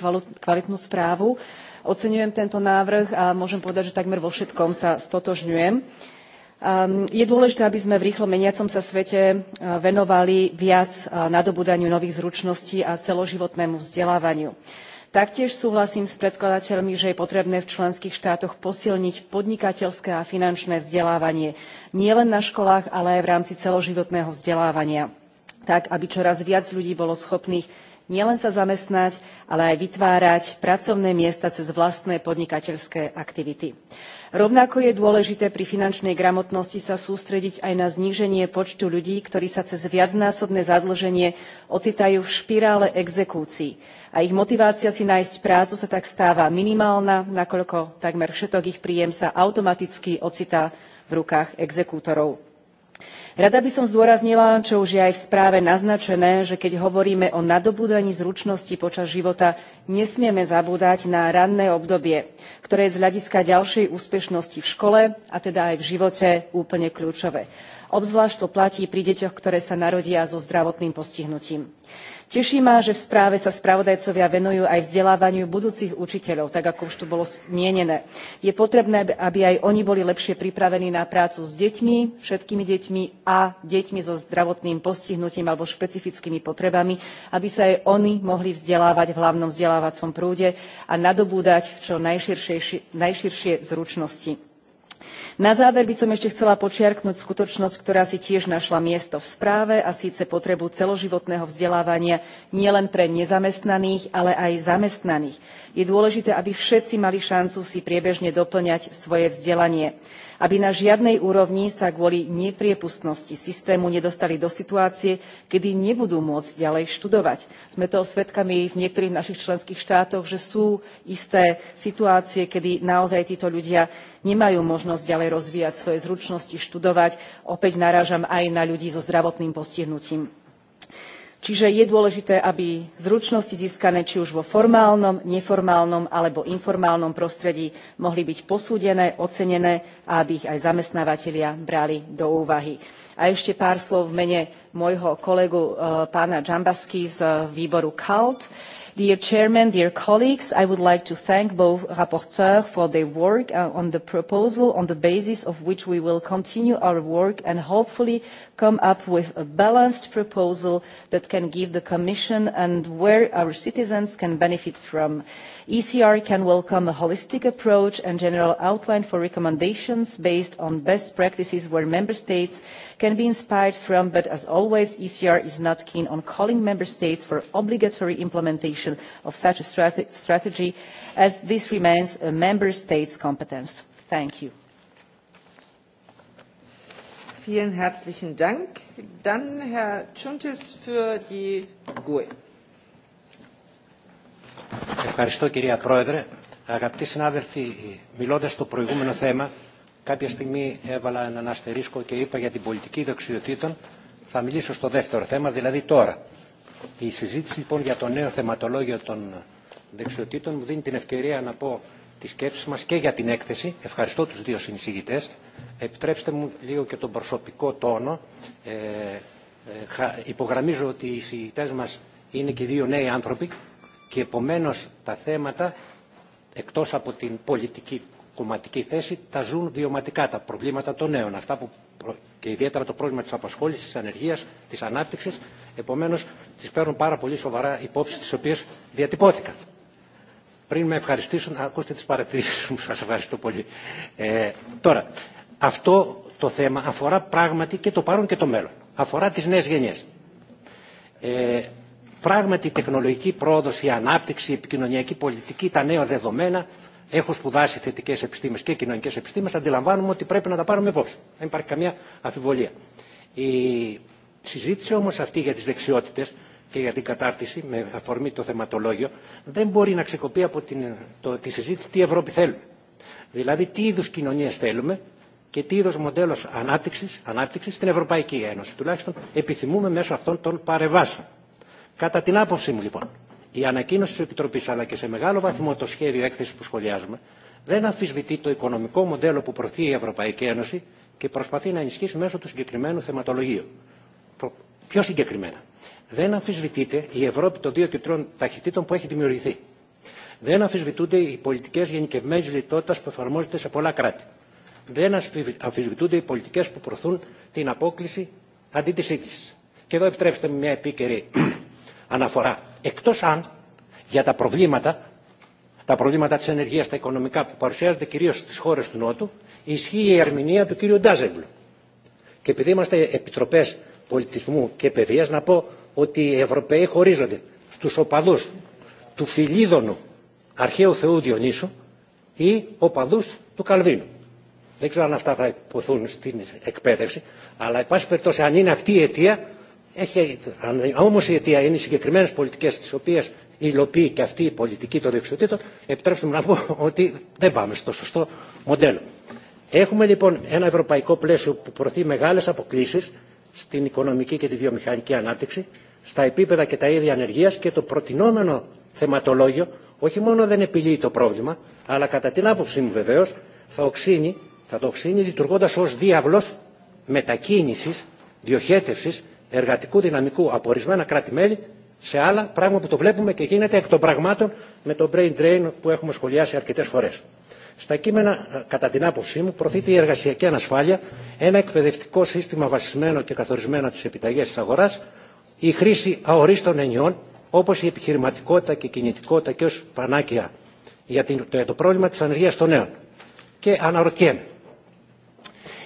kvalitnú správu. Oceňujem tento návrh a môžem povedať, že takmer vo všetkom sa stotožňujem. je dôležité, aby sme v rýchlo meniacom sa svete venovali viac nadobudaniu nových zručností a celoživotnému vzdelávaniu. Taktiež súhlasím s predkladateľmi, že je potrebné v členských štátoch posilniť podnikateľské a finančné vzdelávanie nielen na školách, ale aj v rámci celoživotného vzdelávania tak aby čoraz viac ľudí bolo schopných nielen sa zamestnať, ale aj vytvárať pracovné miesta cez vlastné podnikateľské aktivity. Rovnako je dôležité pri finančnej gramotnosti sa sústrediť aj na zníženie počtu ľudí, ktorí sa cez viacnásobné zadlženie ocitajú v špirále exekúcií a ich motivácia si nájsť prácu sa tak stáva minimálna, nakoľko takmer všetok ich príjem sa automaticky ocitá v rukách exekútorov. Rada by som zdôraznila, čo už je aj v správe naznačené, že keď hovoríme o nadobúdaní zručnosti počas života, nesmieme zabúdať na ranné obdobie, ktoré je z hľadiska ďalšej úspešnosti v škole a teda aj v živote úplne kľúčové. Obzvlášť to platí pri deťoch, ktoré sa narodia so zdravotným postihnutím. Teší ma, že v správe sa spravodajcovia venujú aj vzdelávaniu budúcich učiteľov, tak ako už tu bolo zmienené. Je potrebné, aby aj oni boli lepšie pripravení na prácu s deťmi, všetkými deťmi a deťmi so zdravotným postihnutím alebo špecifickými potrebami, aby sa aj oni mohli vzdelávať v hlavnom vzdelávacom prúde a nadobúdať čo najširšie, najširšie zručnosti. Na záver by som ešte chcela počiarknúť skutočnosť, ktorá si tiež našla miesto v správe a síce potrebu celoživotného vzdelávania nielen pre nezamestnaných, ale aj zamestnaných. Je dôležité, aby všetci mali šancu si priebežne doplňať svoje vzdelanie aby na žiadnej úrovni sa kvôli nepriepustnosti systému nedostali do situácie, kedy nebudú môcť ďalej študovať. Sme toho svedkami v niektorých našich členských štátoch, že sú isté situácie, kedy naozaj títo ľudia nemajú možnosť ďalej rozvíjať svoje zručnosti, študovať. Opäť narážam aj na ľudí so zdravotným postihnutím. Čiže je dôležité, aby zručnosti získané či už vo formálnom, neformálnom alebo informálnom prostredí mohli byť posúdené, ocenené a aby ich aj zamestnávateľia brali do úvahy. A ešte pár slov v mene môjho kolegu eh, pána Džambasky z eh, výboru CALT. Dear Chairman, dear colleagues, I would like to thank both rapporteurs for their work uh, on the proposal on the basis of which we will continue our work and hopefully come up with a balanced proposal that can give the Commission and where our citizens can benefit from. ECR can welcome a holistic approach and general outline for recommendations based on best practices where Member States can be inspired from, but as always, ECR is not keen on calling member states for obligatory implementation of such a strategy, as this remains a member state's competence. Thank you. Vielen herzlichen Dank. Dann Herr für die GUE. Ευχαριστώ κυρία Πρόεδρε. Αγαπητοί συνάδελφοι, μιλώντας στο προηγούμενο θέμα, Κάποια στιγμή έβαλα έναν αστερίσκο και είπα για την πολιτική δεξιοτήτων. Θα μιλήσω στο δεύτερο θέμα, δηλαδή τώρα. Η συζήτηση λοιπόν για το νέο θεματολόγιο των δεξιοτήτων μου δίνει την ευκαιρία να πω τις σκέψεις μας και για την έκθεση. Ευχαριστώ τους δύο συνεισηγητές. Επιτρέψτε μου λίγο και τον προσωπικό τόνο. Ε, ε, υπογραμμίζω ότι οι συνεισηγητές μας είναι και δύο νέοι άνθρωποι και επομένως τα θέματα εκτός από την πολιτική κομματική θέση τα ζουν βιωματικά τα προβλήματα των νέων, αυτά που, και ιδιαίτερα το πρόβλημα της απασχόλησης, της ανεργίας, της ανάπτυξης, επομένως τις παίρνουν πάρα πολύ σοβαρά υπόψη τις οποίες διατυπώθηκαν. Πριν με ευχαριστήσουν, ακούστε τις παρατηρήσεις μου, σας ευχαριστώ πολύ. Ε, τώρα, αυτό το θέμα αφορά πράγματι και το παρόν και το μέλλον. Αφορά τις νέες γενιές. Ε, πράγματι η τεχνολογική πρόοδος, η ανάπτυξη, η επικοινωνιακή πολιτική, τα νέα δεδομένα έχω σπουδάσει θετικέ επιστήμε και κοινωνικέ επιστήμε, αντιλαμβάνομαι ότι πρέπει να τα πάρουμε υπόψη. Δεν υπάρχει καμία αμφιβολία. Η συζήτηση όμω αυτή για τι δεξιότητε και για την κατάρτιση, με αφορμή το θεματολόγιο, δεν μπορεί να ξεκοπεί από την, το, τη συζήτηση τι Ευρώπη θέλουμε. Δηλαδή, τι είδου κοινωνίε θέλουμε και τι είδο μοντέλο ανάπτυξη στην Ευρωπαϊκή Ένωση. Τουλάχιστον επιθυμούμε μέσω αυτών των παρεμβάσεων. Κατά την άποψή μου, λοιπόν, η ανακοίνωση τη Επιτροπή, αλλά και σε μεγάλο βαθμό το σχέδιο έκθεση που σχολιάζουμε δεν αμφισβητεί το οικονομικό μοντέλο που προωθεί η Ευρωπαϊκή Ένωση και προσπαθεί να ενισχύσει μέσω του συγκεκριμένου θεματολογίου. Πιο συγκεκριμένα, δεν αμφισβητείται η Ευρώπη των δύο και τριών ταχυτήτων που έχει δημιουργηθεί. Δεν αμφισβητούνται οι πολιτικέ γενικευμένη λιτότητα που εφαρμόζονται σε πολλά κράτη. Δεν αμφισβητούνται οι πολιτικέ που προωθούν την απόκληση αντί τη Και εδώ επιτρέψτε μια επίκαιρη [CLEARS THROAT] αναφορά εκτός αν για τα προβλήματα, τα προβλήματα της ενεργείας, τα οικονομικά που παρουσιάζονται κυρίως στις χώρες του Νότου, ισχύει η ερμηνεία του κύριου Ντάζεμπλου. Και επειδή είμαστε επιτροπές πολιτισμού και παιδείας, να πω ότι οι Ευρωπαίοι χωρίζονται στους οπαδούς του Φιλίδωνου αρχαίου Θεού Διονύσου ή οπαδούς του Καλβίνου. Δεν ξέρω αν αυτά θα υποθούν στην εκπαίδευση, αλλά, εν πάση περιπτώσει, αν είναι αυτή η αιτία, έχει όμως η είναι συγκεκριμένες πολιτικές τις οποίες υλοποιεί και αυτή η πολιτική των δεξιοτήτων, επιτρέψτε μου να πω ότι δεν πάμε στο σωστό μοντέλο. Έχουμε λοιπόν ένα ευρωπαϊκό πλαίσιο που προωθεί μεγάλες αποκλήσεις στην οικονομική και τη βιομηχανική ανάπτυξη, στα επίπεδα και τα ίδια ανεργίας και το προτινόμενο θεματολόγιο όχι μόνο δεν επιλύει το πρόβλημα, αλλά κατά την άποψή μου βεβαίως θα, οξύνει, θα το οξύνει λειτουργώντας ως διάβλος μετακίνησης, διοχέτευσης εργατικού δυναμικού από ορισμένα κράτη-μέλη σε άλλα, πράγμα που το βλέπουμε και γίνεται εκ των πραγμάτων με το brain drain που έχουμε σχολιάσει αρκετέ φορέ. Στα κείμενα, κατά την άποψή μου, προωθείται η εργασιακή ανασφάλεια, ένα εκπαιδευτικό σύστημα βασισμένο και καθορισμένο τι επιταγέ τη αγορά, η χρήση αορίστων ενιών, όπω η επιχειρηματικότητα και η κινητικότητα και ω πανάκια για το πρόβλημα τη ανεργία των νέων. Και αναρωτιέμαι,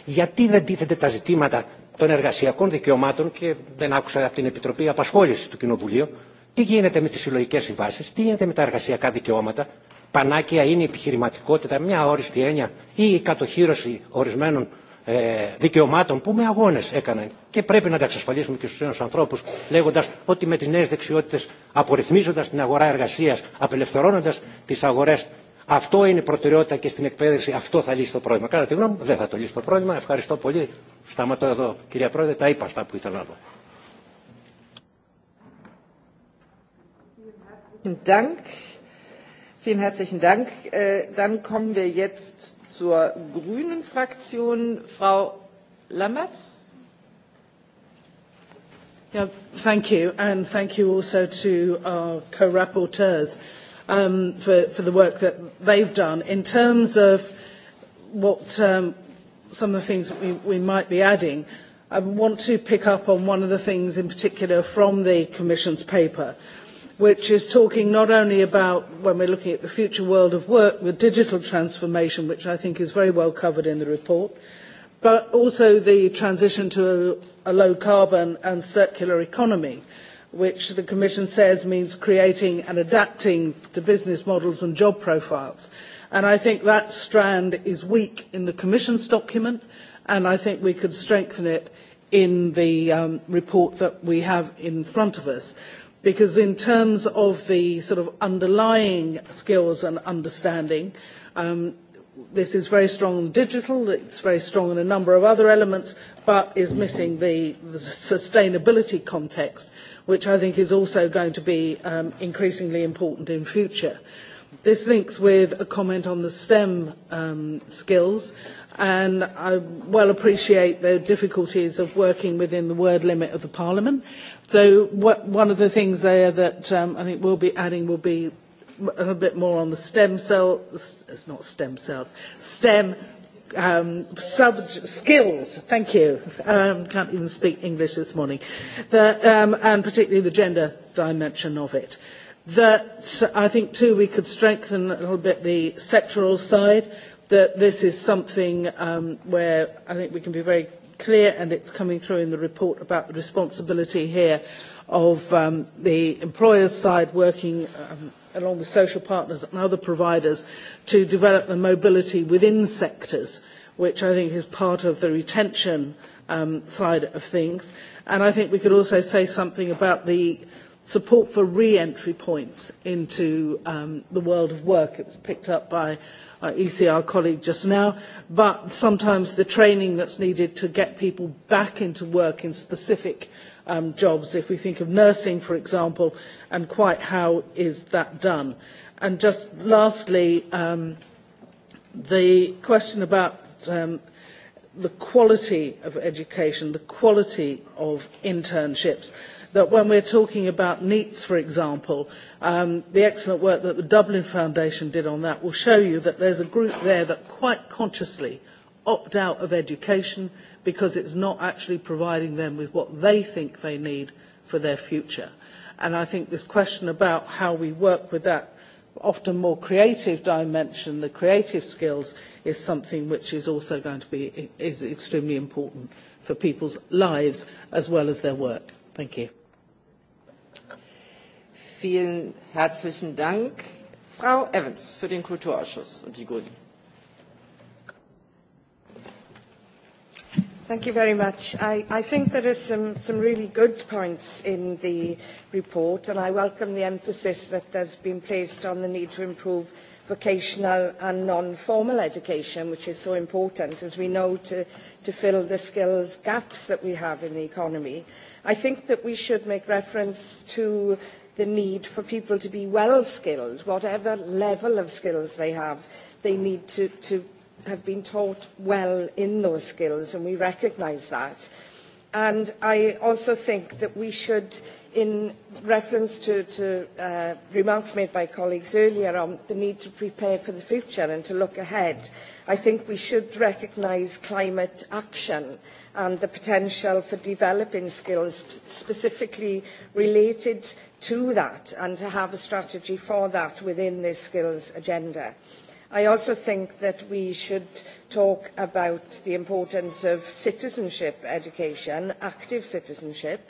γιατί δεν τίθεται τα ζητήματα των εργασιακών δικαιωμάτων και δεν άκουσα από την Επιτροπή Απασχόληση του Κοινοβουλίου τι γίνεται με τι συλλογικέ συμβάσει, τι γίνεται με τα εργασιακά δικαιώματα, πανάκια είναι η επιχειρηματικότητα, μια όριστη έννοια ή η κατοχήρωση ορισμένων ε, δικαιωμάτων που με αγώνε έκαναν. Και πρέπει να τα εξασφαλίσουμε και στου νέου ανθρώπου, λέγοντα ότι με τι νέε δεξιότητε, απορριθμίζοντα την αγορά εργασία, απελευθερώνοντα τι αγορέ Αυτό είναι προτεραιότητα και στην εκπαίδευση. Αυτό θα λύσει το πρόβλημα. Κατά τη γνώμη μου δεν θα το λύσει το πρόβλημα. Ευχαριστώ πολύ. Σταματώ εδώ κυρία Πρόεδρε. Τα είπα αυτά που ήθελα να πω. Dank. Vielen herzlichen Dank. Äh, dann kommen wir jetzt zur grünen Fraktion. Frau Lammert. Ja, thank you, and thank you also to our co-rapporteurs um, for, for the work that they've done. In terms of what um, some of the things that we, we might be adding, I want to pick up on one of the things in particular from the Commission's paper, which is talking not only about when we're looking at the future world of work, the digital transformation, which I think is very well covered in the report, but also the transition to a, a low carbon and circular economy which the Commission says means creating and adapting to business models and job profiles. And I think that strand is weak in the Commission's document, and I think we could strengthen it in the um, report that we have in front of us. Because in terms of the sort of underlying skills and understanding, um, this is very strong on digital, it's very strong in a number of other elements, but is missing the, the sustainability context which I think is also going to be um, increasingly important in future. This links with a comment on the STEM um, skills, and I well appreciate the difficulties of working within the word limit of the Parliament. So what, one of the things there that um, I think we'll be adding will be a bit more on the stem cell, it's not stem cells, stem um, sub skills, thank you, um, can't even speak English this morning, the, um, and particularly the gender dimension of it. That I think too we could strengthen a little bit the sectoral side, that this is something um, where I think we can be very clear and it's coming through in the report about the responsibility here of um, the employer's side working um, along with social partners and other providers, to develop the mobility within sectors, which I think is part of the retention um, side of things. And I think we could also say something about the support for re-entry points into um, the world of work. It was picked up by our uh, e ECR colleague just now, but sometimes the training that's needed to get people back into work in specific um, jobs, if we think of nursing, for example, and quite how is that done. And just lastly, um, the question about um, the quality of education, the quality of internships, that when we're talking about NEETs, for example, um, the excellent work that the Dublin Foundation did on that will show you that there's a group there that quite consciously opt out of education because it's not actually providing them with what they think they need for their future. And I think this question about how we work with that often more creative dimension, the creative skills, is something which is also going to be is extremely important for people's lives as well as their work. Thank you. Vielen herzlichen Dank, Frau Evans, für den Kulturausschuss und die Grünen. Thank you very much. I, I think there are some, some really good points in the report and I welcome the emphasis that has been placed on the need to improve vocational and non-formal education, which is so important, as we know, to, to fill the skills gaps that we have in the economy. I think that we should make reference to the need for people to be well skilled, whatever level of skills they have, they need to, to have been taught well in those skills, and we recognise that. And I also think that we should, in reference to, to uh, remarks made by colleagues earlier on the need to prepare for the future and to look ahead, I think we should recognise climate action and the potential for developing skills specifically related to that and to have a strategy for that within this skills agenda. I also think that we should talk about the importance of citizenship education, active citizenship,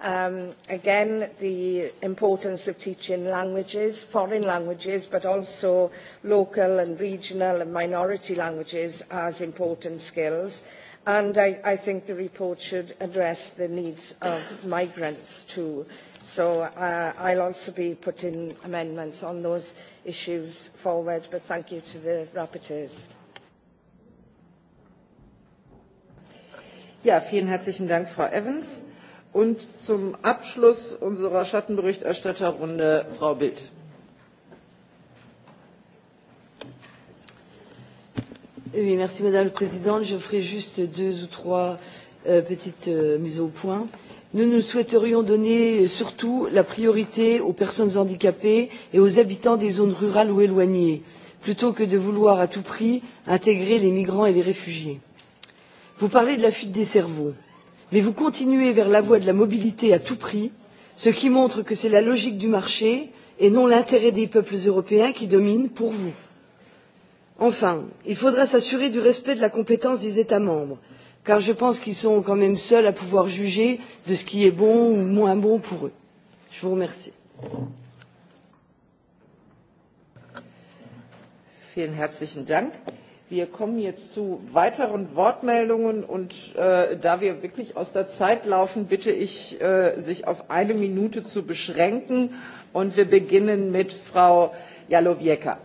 um, again, the importance of teaching languages, foreign languages, but also local and regional and minority languages as important skills. And I, I think the report should address the needs of migrants too So uh, I'll also be putting amendments on those issues forward, but thank you to the rapporteurs. Ja, vielen herzlichen Dank, Frau Evans. Und zum Abschluss unserer Schattenberichterstatterrunde Frau Bild. Oui, merci Madame la Présidente. Je ferai juste deux ou trois euh, petites euh, mises au point. Euh, Nous nous souhaiterions donner surtout la priorité aux personnes handicapées et aux habitants des zones rurales ou éloignées, plutôt que de vouloir à tout prix intégrer les migrants et les réfugiés. Vous parlez de la fuite des cerveaux, mais vous continuez vers la voie de la mobilité à tout prix, ce qui montre que c'est la logique du marché et non l'intérêt des peuples européens qui domine pour vous. Enfin, il faudra s'assurer du respect de la compétence des États membres car je pense qu'ils sont quand même seuls à pouvoir juger de ce qui est bon ou moins bon pour eux. Je vous remercie. Vielen herzlichen Dank. Wir kommen jetzt zu weiteren Wortmeldungen und äh, da wir wirklich aus der Zeit laufen, bitte ich, äh, sich auf eine Minute zu beschränken und wir beginnen mit Frau Jalowiecka.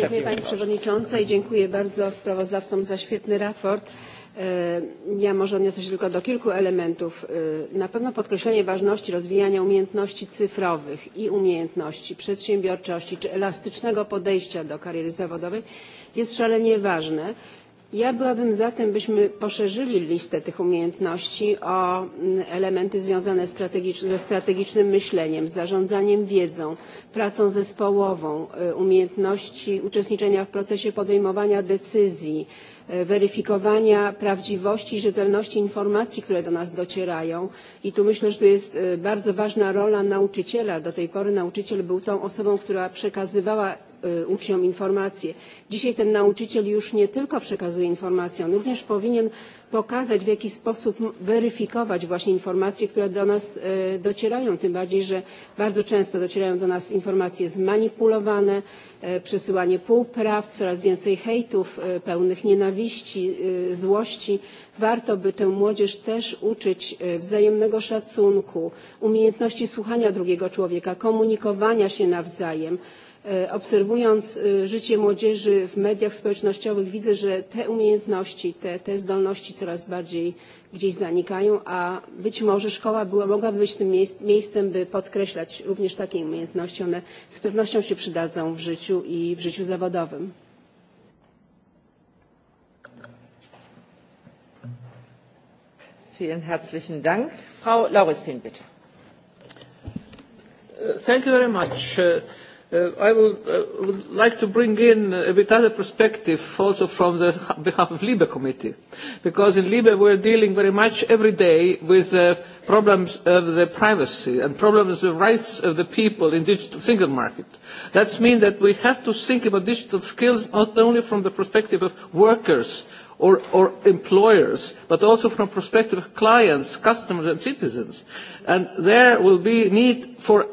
Dziękuję Pani Przewodnicząca i dziękuję bardzo sprawozdawcom za świetny raport. E, ja może odniosę się tylko do kilku elementów. E, na pewno podkreślenie ważności rozwijania umiejętności cyfrowych i umiejętności przedsiębiorczości czy elastycznego podejścia do kariery zawodowej jest szalenie ważne Ja byłabym za tym, byśmy poszerzyli listę tych umiejętności o mm, elementy związane strategicz ze strategicznym myśleniem, zarządzaniem wiedzą, pracą zespołową, umiejętności uczestniczenia w procesie podejmowania decyzji, weryfikowania prawdziwości i rzetelności informacji, które do nas docierają. I tu myślę, że tu jest bardzo ważna rola nauczyciela. Do tej pory nauczyciel był tą osobą, która przekazywała E, uczniom informacje. Dzisiaj ten nauczyciel już nie tylko przekazuje informacje, on również powinien pokazać, w jaki sposób weryfikować właśnie informacje, które do nas e, docierają, tym bardziej, że bardzo często docierają do nas informacje zmanipulowane, e, przesyłanie półpraw, coraz więcej hejtów, pełnych nienawiści, złości. Warto by tę młodzież też uczyć wzajemnego szacunku, umiejętności słuchania drugiego człowieka, komunikowania się nawzajem, E, obserwując e, życie młodzieży w mediach społecznościowych widzę, że te umiejętności, te, te zdolności coraz bardziej gdzieś zanikają, a być może szkoła była, mogłaby być tym miejscem, by podkreślać również takie umiejętności. One z pewnością się przydadzą w życiu i w życiu zawodowym. Vielen herzlichen Dank. Frau Lauristin, bitte. Uh, thank you very much. Uh, Uh, I will, uh, would like to bring in a bit other perspective also from the behalf of LIBE committee, because in LIBE we're dealing very much every day with uh, problems of the privacy and problems of rights of the people in digital single market. That means that we have to think about digital skills not only from the perspective of workers or, or employers, but also from perspective of clients, customers and citizens. And there will be need for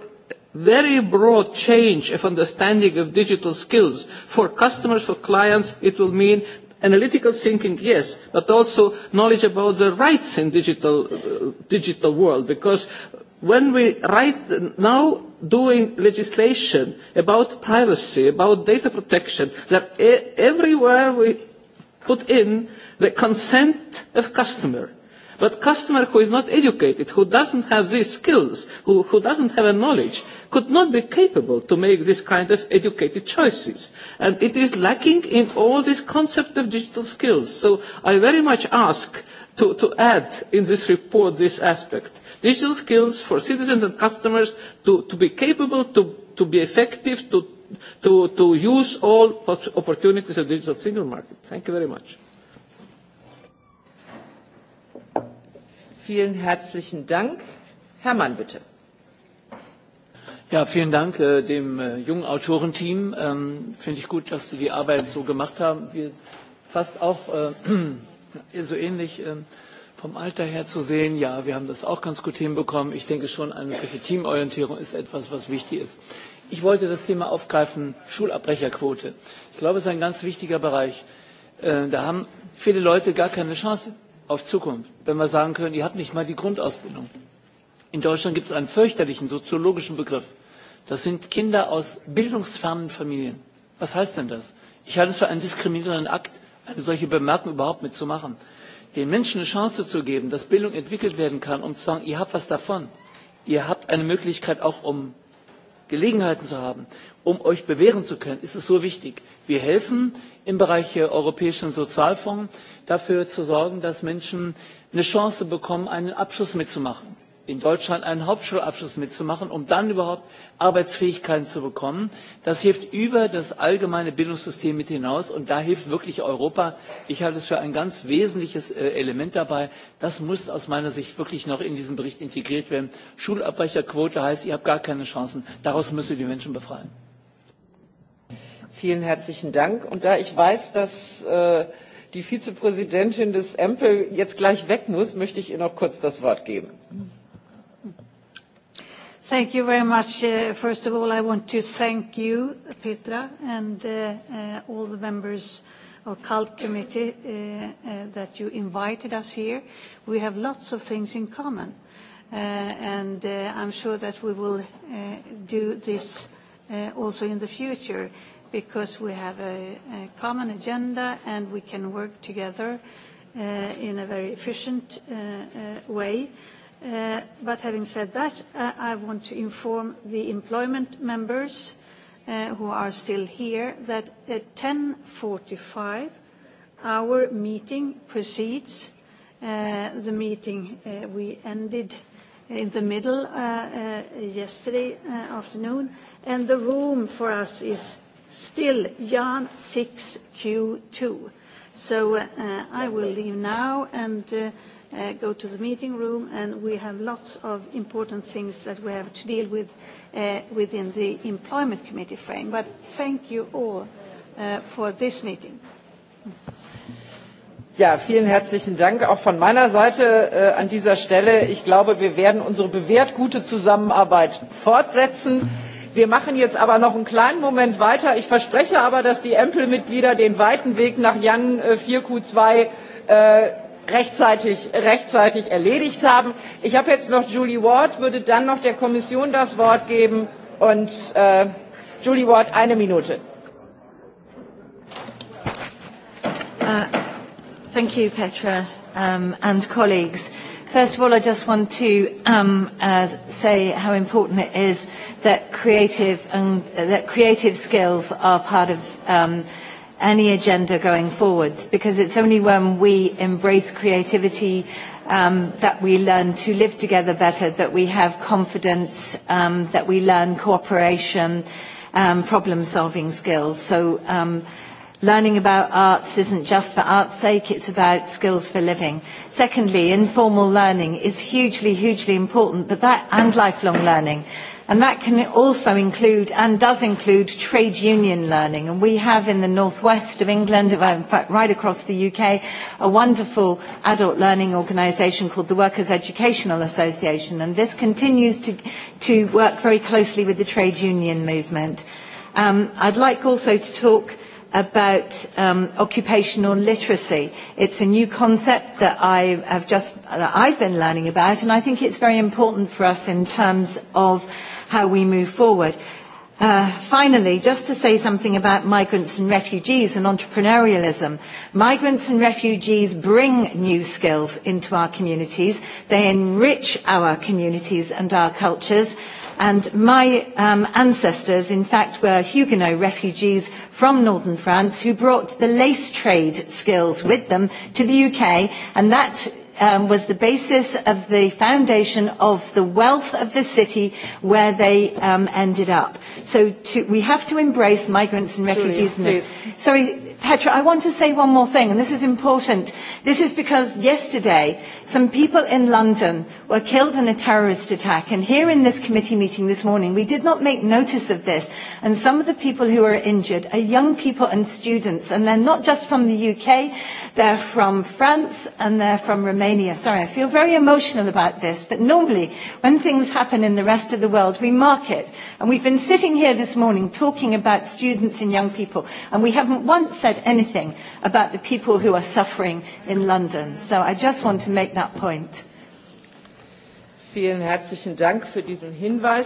very broad change of understanding of digital skills. For customers, for clients, it will mean analytical thinking, yes, but also knowledge about the rights in digital, uh, digital world, because when we write now doing legislation about privacy, about data protection, that e, everywhere we put in the consent of customer But customer who is not educated, who doesn't have these skills, who, who doesn't have a knowledge, could not be capable to make this kind of educated choices. And it is lacking in all this concept of digital skills. So I very much ask to, to add in this report this aspect. Digital skills for citizens and customers to, to be capable, to, to be effective, to, to, to use all opportunities of digital single market. Thank you very much. Vielen herzlichen Dank. Herr Mann, bitte. Ja, vielen Dank äh, dem äh, jungen Autorenteam. Ähm, Finde ich gut, dass Sie die Arbeit so gemacht haben. Wir fast auch äh, [CLEARS THROAT] so ähnlich äh, vom Alter her zu sehen. Ja, wir haben das auch ganz gut hinbekommen. Ich denke schon, eine solche Teamorientierung ist etwas, was wichtig ist. Ich wollte das Thema aufgreifen, Schulabbrecherquote. Ich glaube, es ist ein ganz wichtiger Bereich. Äh, da haben viele Leute gar keine Chance auf Zukunft, wenn wir sagen können, ihr habt nicht mal die Grundausbildung. In Deutschland gibt es einen fürchterlichen soziologischen Begriff. Das sind Kinder aus bildungsfernen Familien. Was heißt denn das? Ich halte es für einen diskriminierenden Akt, eine solche Bemerkung überhaupt mitzumachen. Den Menschen eine Chance zu geben, dass Bildung entwickelt werden kann, um zu sagen, ihr habt was davon. Ihr habt eine Möglichkeit auch, um Gelegenheiten zu haben, um euch bewähren zu können, ist es so wichtig. Wir helfen im Bereich der europäischen Sozialfonds dafür zu sorgen, dass Menschen eine Chance bekommen, einen Abschluss mitzumachen in Deutschland einen Hauptschulabschluss mitzumachen, um dann überhaupt Arbeitsfähigkeiten zu bekommen. Das hilft über das allgemeine Bildungssystem mit hinaus und da hilft wirklich Europa. Ich halte es für ein ganz wesentliches äh, Element dabei. Das muss aus meiner Sicht wirklich noch in diesen Bericht integriert werden. Schulabbrecherquote heißt, ihr habt gar keine Chancen. Daraus müssen wir die Menschen befreien. Vielen herzlichen Dank. Und da ich weiß, dass äh, die Vizepräsidentin des Empel jetzt gleich weg muss, möchte ich ihr noch kurz das Wort geben. Thank you very much. Uh, first of all, I want to thank you, Petra, and uh, uh, all the members of CULT committee uh, uh, that you invited us here. We have lots of things in common, uh, and uh, I'm sure that we will uh, do this uh, also in the future because we have a, common agenda and we can work together uh, in a very efficient uh, uh, way. Uh, but having said that, uh, I want to inform the employment members uh, who are still here that at 10.45 our meeting proceeds. Uh, the meeting uh, we ended in the middle uh, uh, yesterday uh, afternoon, and the room for us is still Jan 6Q2. So uh, uh, I will leave now and uh, uh, go to the meeting room, and we have lots of important things that we have to deal with uh, within the Employment Committee frame. But thank you all uh, for this meeting. Ja, vielen herzlichen Dank auch von meiner Seite äh, an dieser Stelle. Ich glaube, wir werden unsere bewährt gute Zusammenarbeit fortsetzen. Wir machen jetzt aber noch einen kleinen Moment weiter. Ich verspreche aber, dass die Ampelmitglieder mitglieder den weiten Weg nach Jan 4Q2 äh, äh, rechtzeitig, rechtzeitig erledigt haben. Ich habe jetzt noch Julie Ward, würde dann noch der Kommission das Wort geben. Und äh, Julie Ward, eine Minute. Uh, thank you, Petra um, and colleagues. First of all, I just want to um, uh, say how important it is that creative, and, uh, that creative skills are part of um, any agenda going forward, because it's only when we embrace creativity um, that we learn to live together better, that we have confidence, um, that we learn cooperation, um, problem-solving skills. So. Um, Learning about arts isn't just for art's sake, it's about skills for living. Secondly, informal learning is hugely, hugely important, but that and lifelong learning. And that can also include and does include trade union learning. And we have in the northwest of England, uh, in fact right across the UK, a wonderful adult learning organisation called the Workers' Educational Association. And this continues to, to work very closely with the trade union movement. Um, I'd like also to talk about um, occupational literacy. It's a new concept that I have just that I've been learning about, and I think it's very important for us in terms of how we move forward. Uh, finally, just to say something about migrants and refugees and entrepreneurialism. Migrants and refugees bring new skills into our communities. They enrich our communities and our cultures And my um, ancestors, in fact, were Huguenot refugees from northern France who brought the lace trade skills with them to the UK. And that um, was the basis of the foundation of the wealth of the city where they um, ended up. So to, we have to embrace migrants and refugees. Julia, this. Sorry, Petra, I want to say one more thing, and this is important. This is because yesterday some people in London were killed in a terrorist attack, and here in this committee meeting this morning, we did not make notice of this, and some of the people who were injured are young people and students, and they're not just from the UK, they're from France, and they're from Romania. Sorry, I feel very emotional about this, but normally when things happen in the rest of the world, we mark it, and we've been sitting here this morning talking about students and young people, and we haven't once said said anything about the people who are suffering in London. So I just want to make that point. Vielen herzlichen Dank für diesen Hinweis.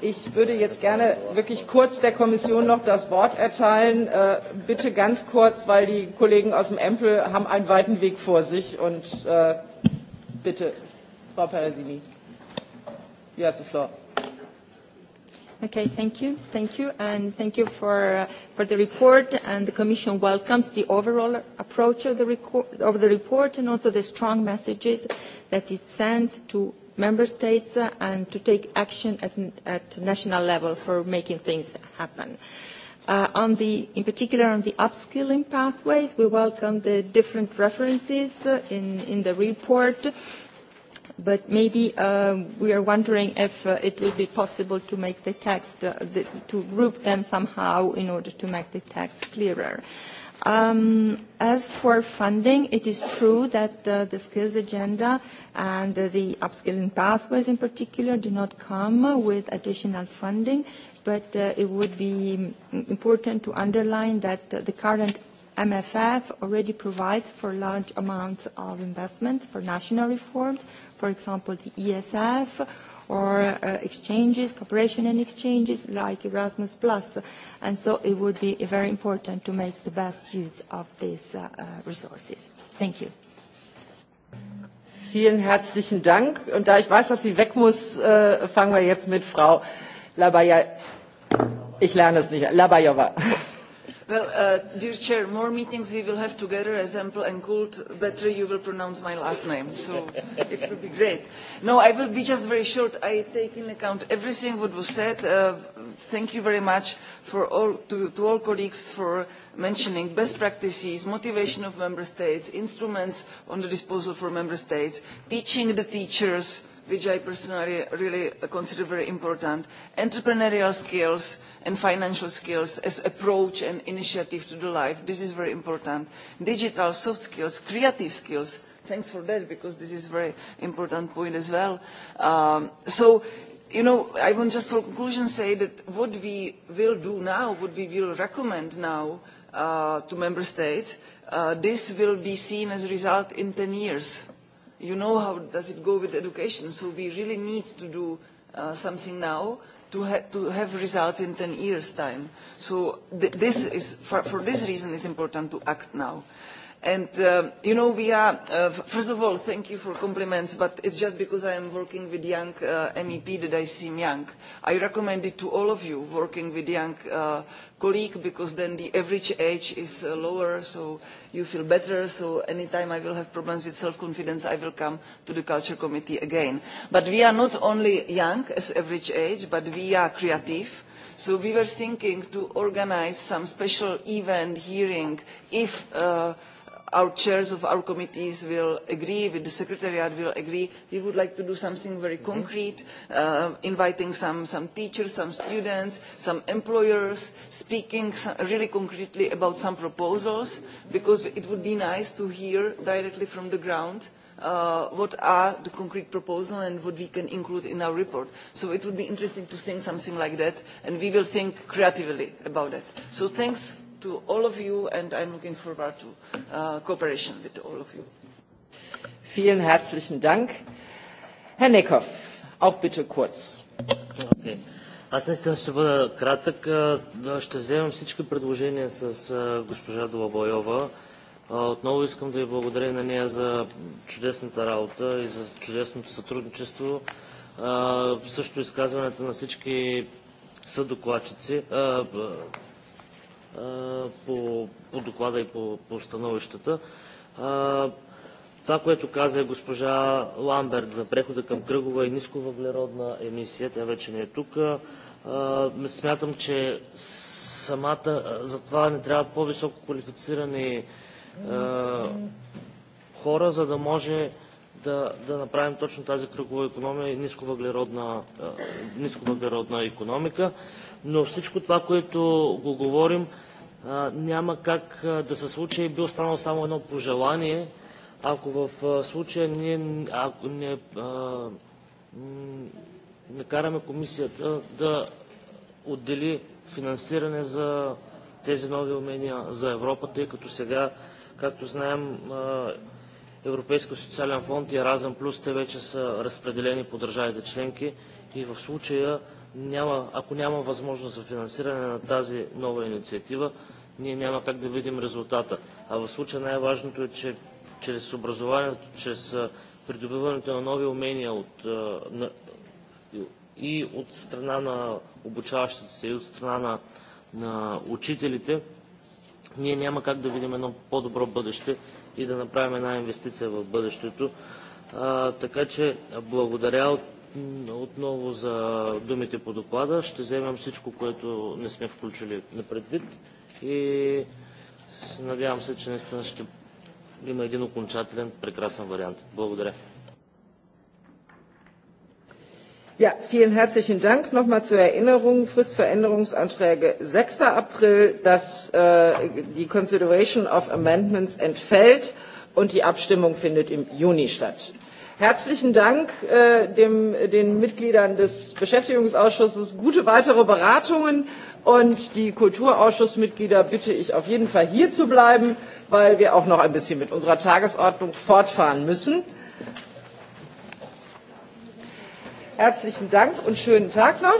Ich würde jetzt gerne wirklich kurz der Kommission noch das Wort erteilen. Äh, bitte ganz kurz, weil die Kollegen aus dem Empel haben einen weiten Weg vor sich. Und äh, bitte, Frau Perasini, you have the floor. Okay, thank you. Thank you, and thank you for, uh, for the report, and the Commission welcomes the overall approach of the, of the report and also the strong messages that it sends to member states uh, and to take action at, at national level for making things happen. Uh, on the, in particular on the upskilling pathways, we welcome the different references uh, in, in the report but maybe uh, we are wondering if uh, it would be possible to make the text, uh, the, to group them somehow in order to make the text clearer. Um, as for funding, it is true that uh, the skills agenda and uh, the upskilling pathways in particular do not come with additional funding, but uh, it would be mm, important to underline that uh, the current MFF already provides for large amounts of investments for national reforms, for example, the ESF or uh, exchanges, cooperation and exchanges like Erasmus+. And so it would be very important to make the best use of these uh, uh, resources. Thank you. Vielen herzlichen Dank. Und da ich weiß, dass sie weg muss, äh, fangen wir jetzt mit Frau Labaya. Ich lerne es nicht. Labayova. Well, uh, dear Chair, more meetings we will have together as ample and cold, better you will pronounce my last name. So it will be great. No, I will be just very short. I take in account everything what was said. Uh, thank you very much for all, to, to all colleagues for mentioning best practices, motivation of member states, instruments on the disposal for member states, teaching the teachers, which I personally really consider very important, entrepreneurial skills and financial skills as approach and initiative to the life. This is very important. Digital soft skills, creative skills. Thanks for that because this is a very important point as well. Um, so you know, I want just for conclusion say that what we will do now, what we will recommend now uh, to member states, uh, this will be seen as a result in 10 years you know how does it go with education, so we really need to do uh, something now to, ha to have results in 10 years' time. So th this is, for, for this reason, it's important to act now. And, uh, you know, we are, uh, first of all, thank you for compliments, but it's just because I am working with young uh, MEP that I seem young. I recommend it to all of you working with young uh, colleague because then the average age is uh, lower, so you feel better. So anytime I will have problems with self-confidence, I will come to the culture committee again. But we are not only young as average age, but we are creative. So we were thinking to organize some special event hearing if uh, our chairs of our committees will agree, with the secretariat will agree, we would like to do something very mhm. concrete, uh, inviting some, some teachers, some students, some employers, speaking really concretely about some proposals, because it would be nice to hear directly from the ground uh, what are the concrete proposals and what we can include in our report. So it would be interesting to think something like that, and we will think creatively about that. So thanks to all of you and I'm looking forward to uh, cooperation with all of you. Vielen herzlichen Dank. Herr Neckhoff, auch bitte kurz. Okay. Аз наистина ще бъда кратък. Ще вземам всички предложения с госпожа Долабойова. Отново искам да ви благодаря на нея за чудесната работа и за чудесното сътрудничество. Също изказването на всички съдокладчици, по, по доклада и по, по становищата. Това, което каза госпожа Ламберт за прехода към кръгова и нисковъглеродна емисия, тя вече не е тук, смятам, че самата, за това не трябва по-високо квалифицирани хора, за да може да, да направим точно тази кръгова економия и нисковъглеродна, нисковъглеродна економика но всичко това, което го говорим, няма как да се случи и би останало само едно пожелание, ако в случая ние ако не, а, не караме комисията да отдели финансиране за тези нови умения за Европа, тъй като сега, както знаем, Европейско социален фонд и Разъм Плюс, те вече са разпределени по държавите членки и в случая няма, ако няма възможност за финансиране на тази нова инициатива, ние няма как да видим резултата. А в случая най-важното е, че чрез образованието, чрез придобиването на нови умения от, на, и от страна на обучаващите се, и от страна на, на учителите, ние няма как да видим едно по-добро бъдеще и да направим една инвестиция в бъдещето. А, така че благодаря от Отново за думите по доклада. Ще вземем всичко, което не сме включили на предвид и надявам се, че наистина ще има един окончателен, прекрасен вариант. Благодаря. Ja, vielen herzlichen Dank. Nochmal zur Erinnerung, Frist für Änderungsanträge 6. April, dass äh, die Consideration of Amendments entfällt und die Abstimmung findet im Juni statt. Herzlichen Dank äh, dem, den Mitgliedern des Beschäftigungsausschusses. Gute weitere Beratungen und die Kulturausschussmitglieder bitte ich auf jeden Fall hier zu bleiben, weil wir auch noch ein bisschen mit unserer Tagesordnung fortfahren müssen. Herzlichen Dank und schönen Tag noch.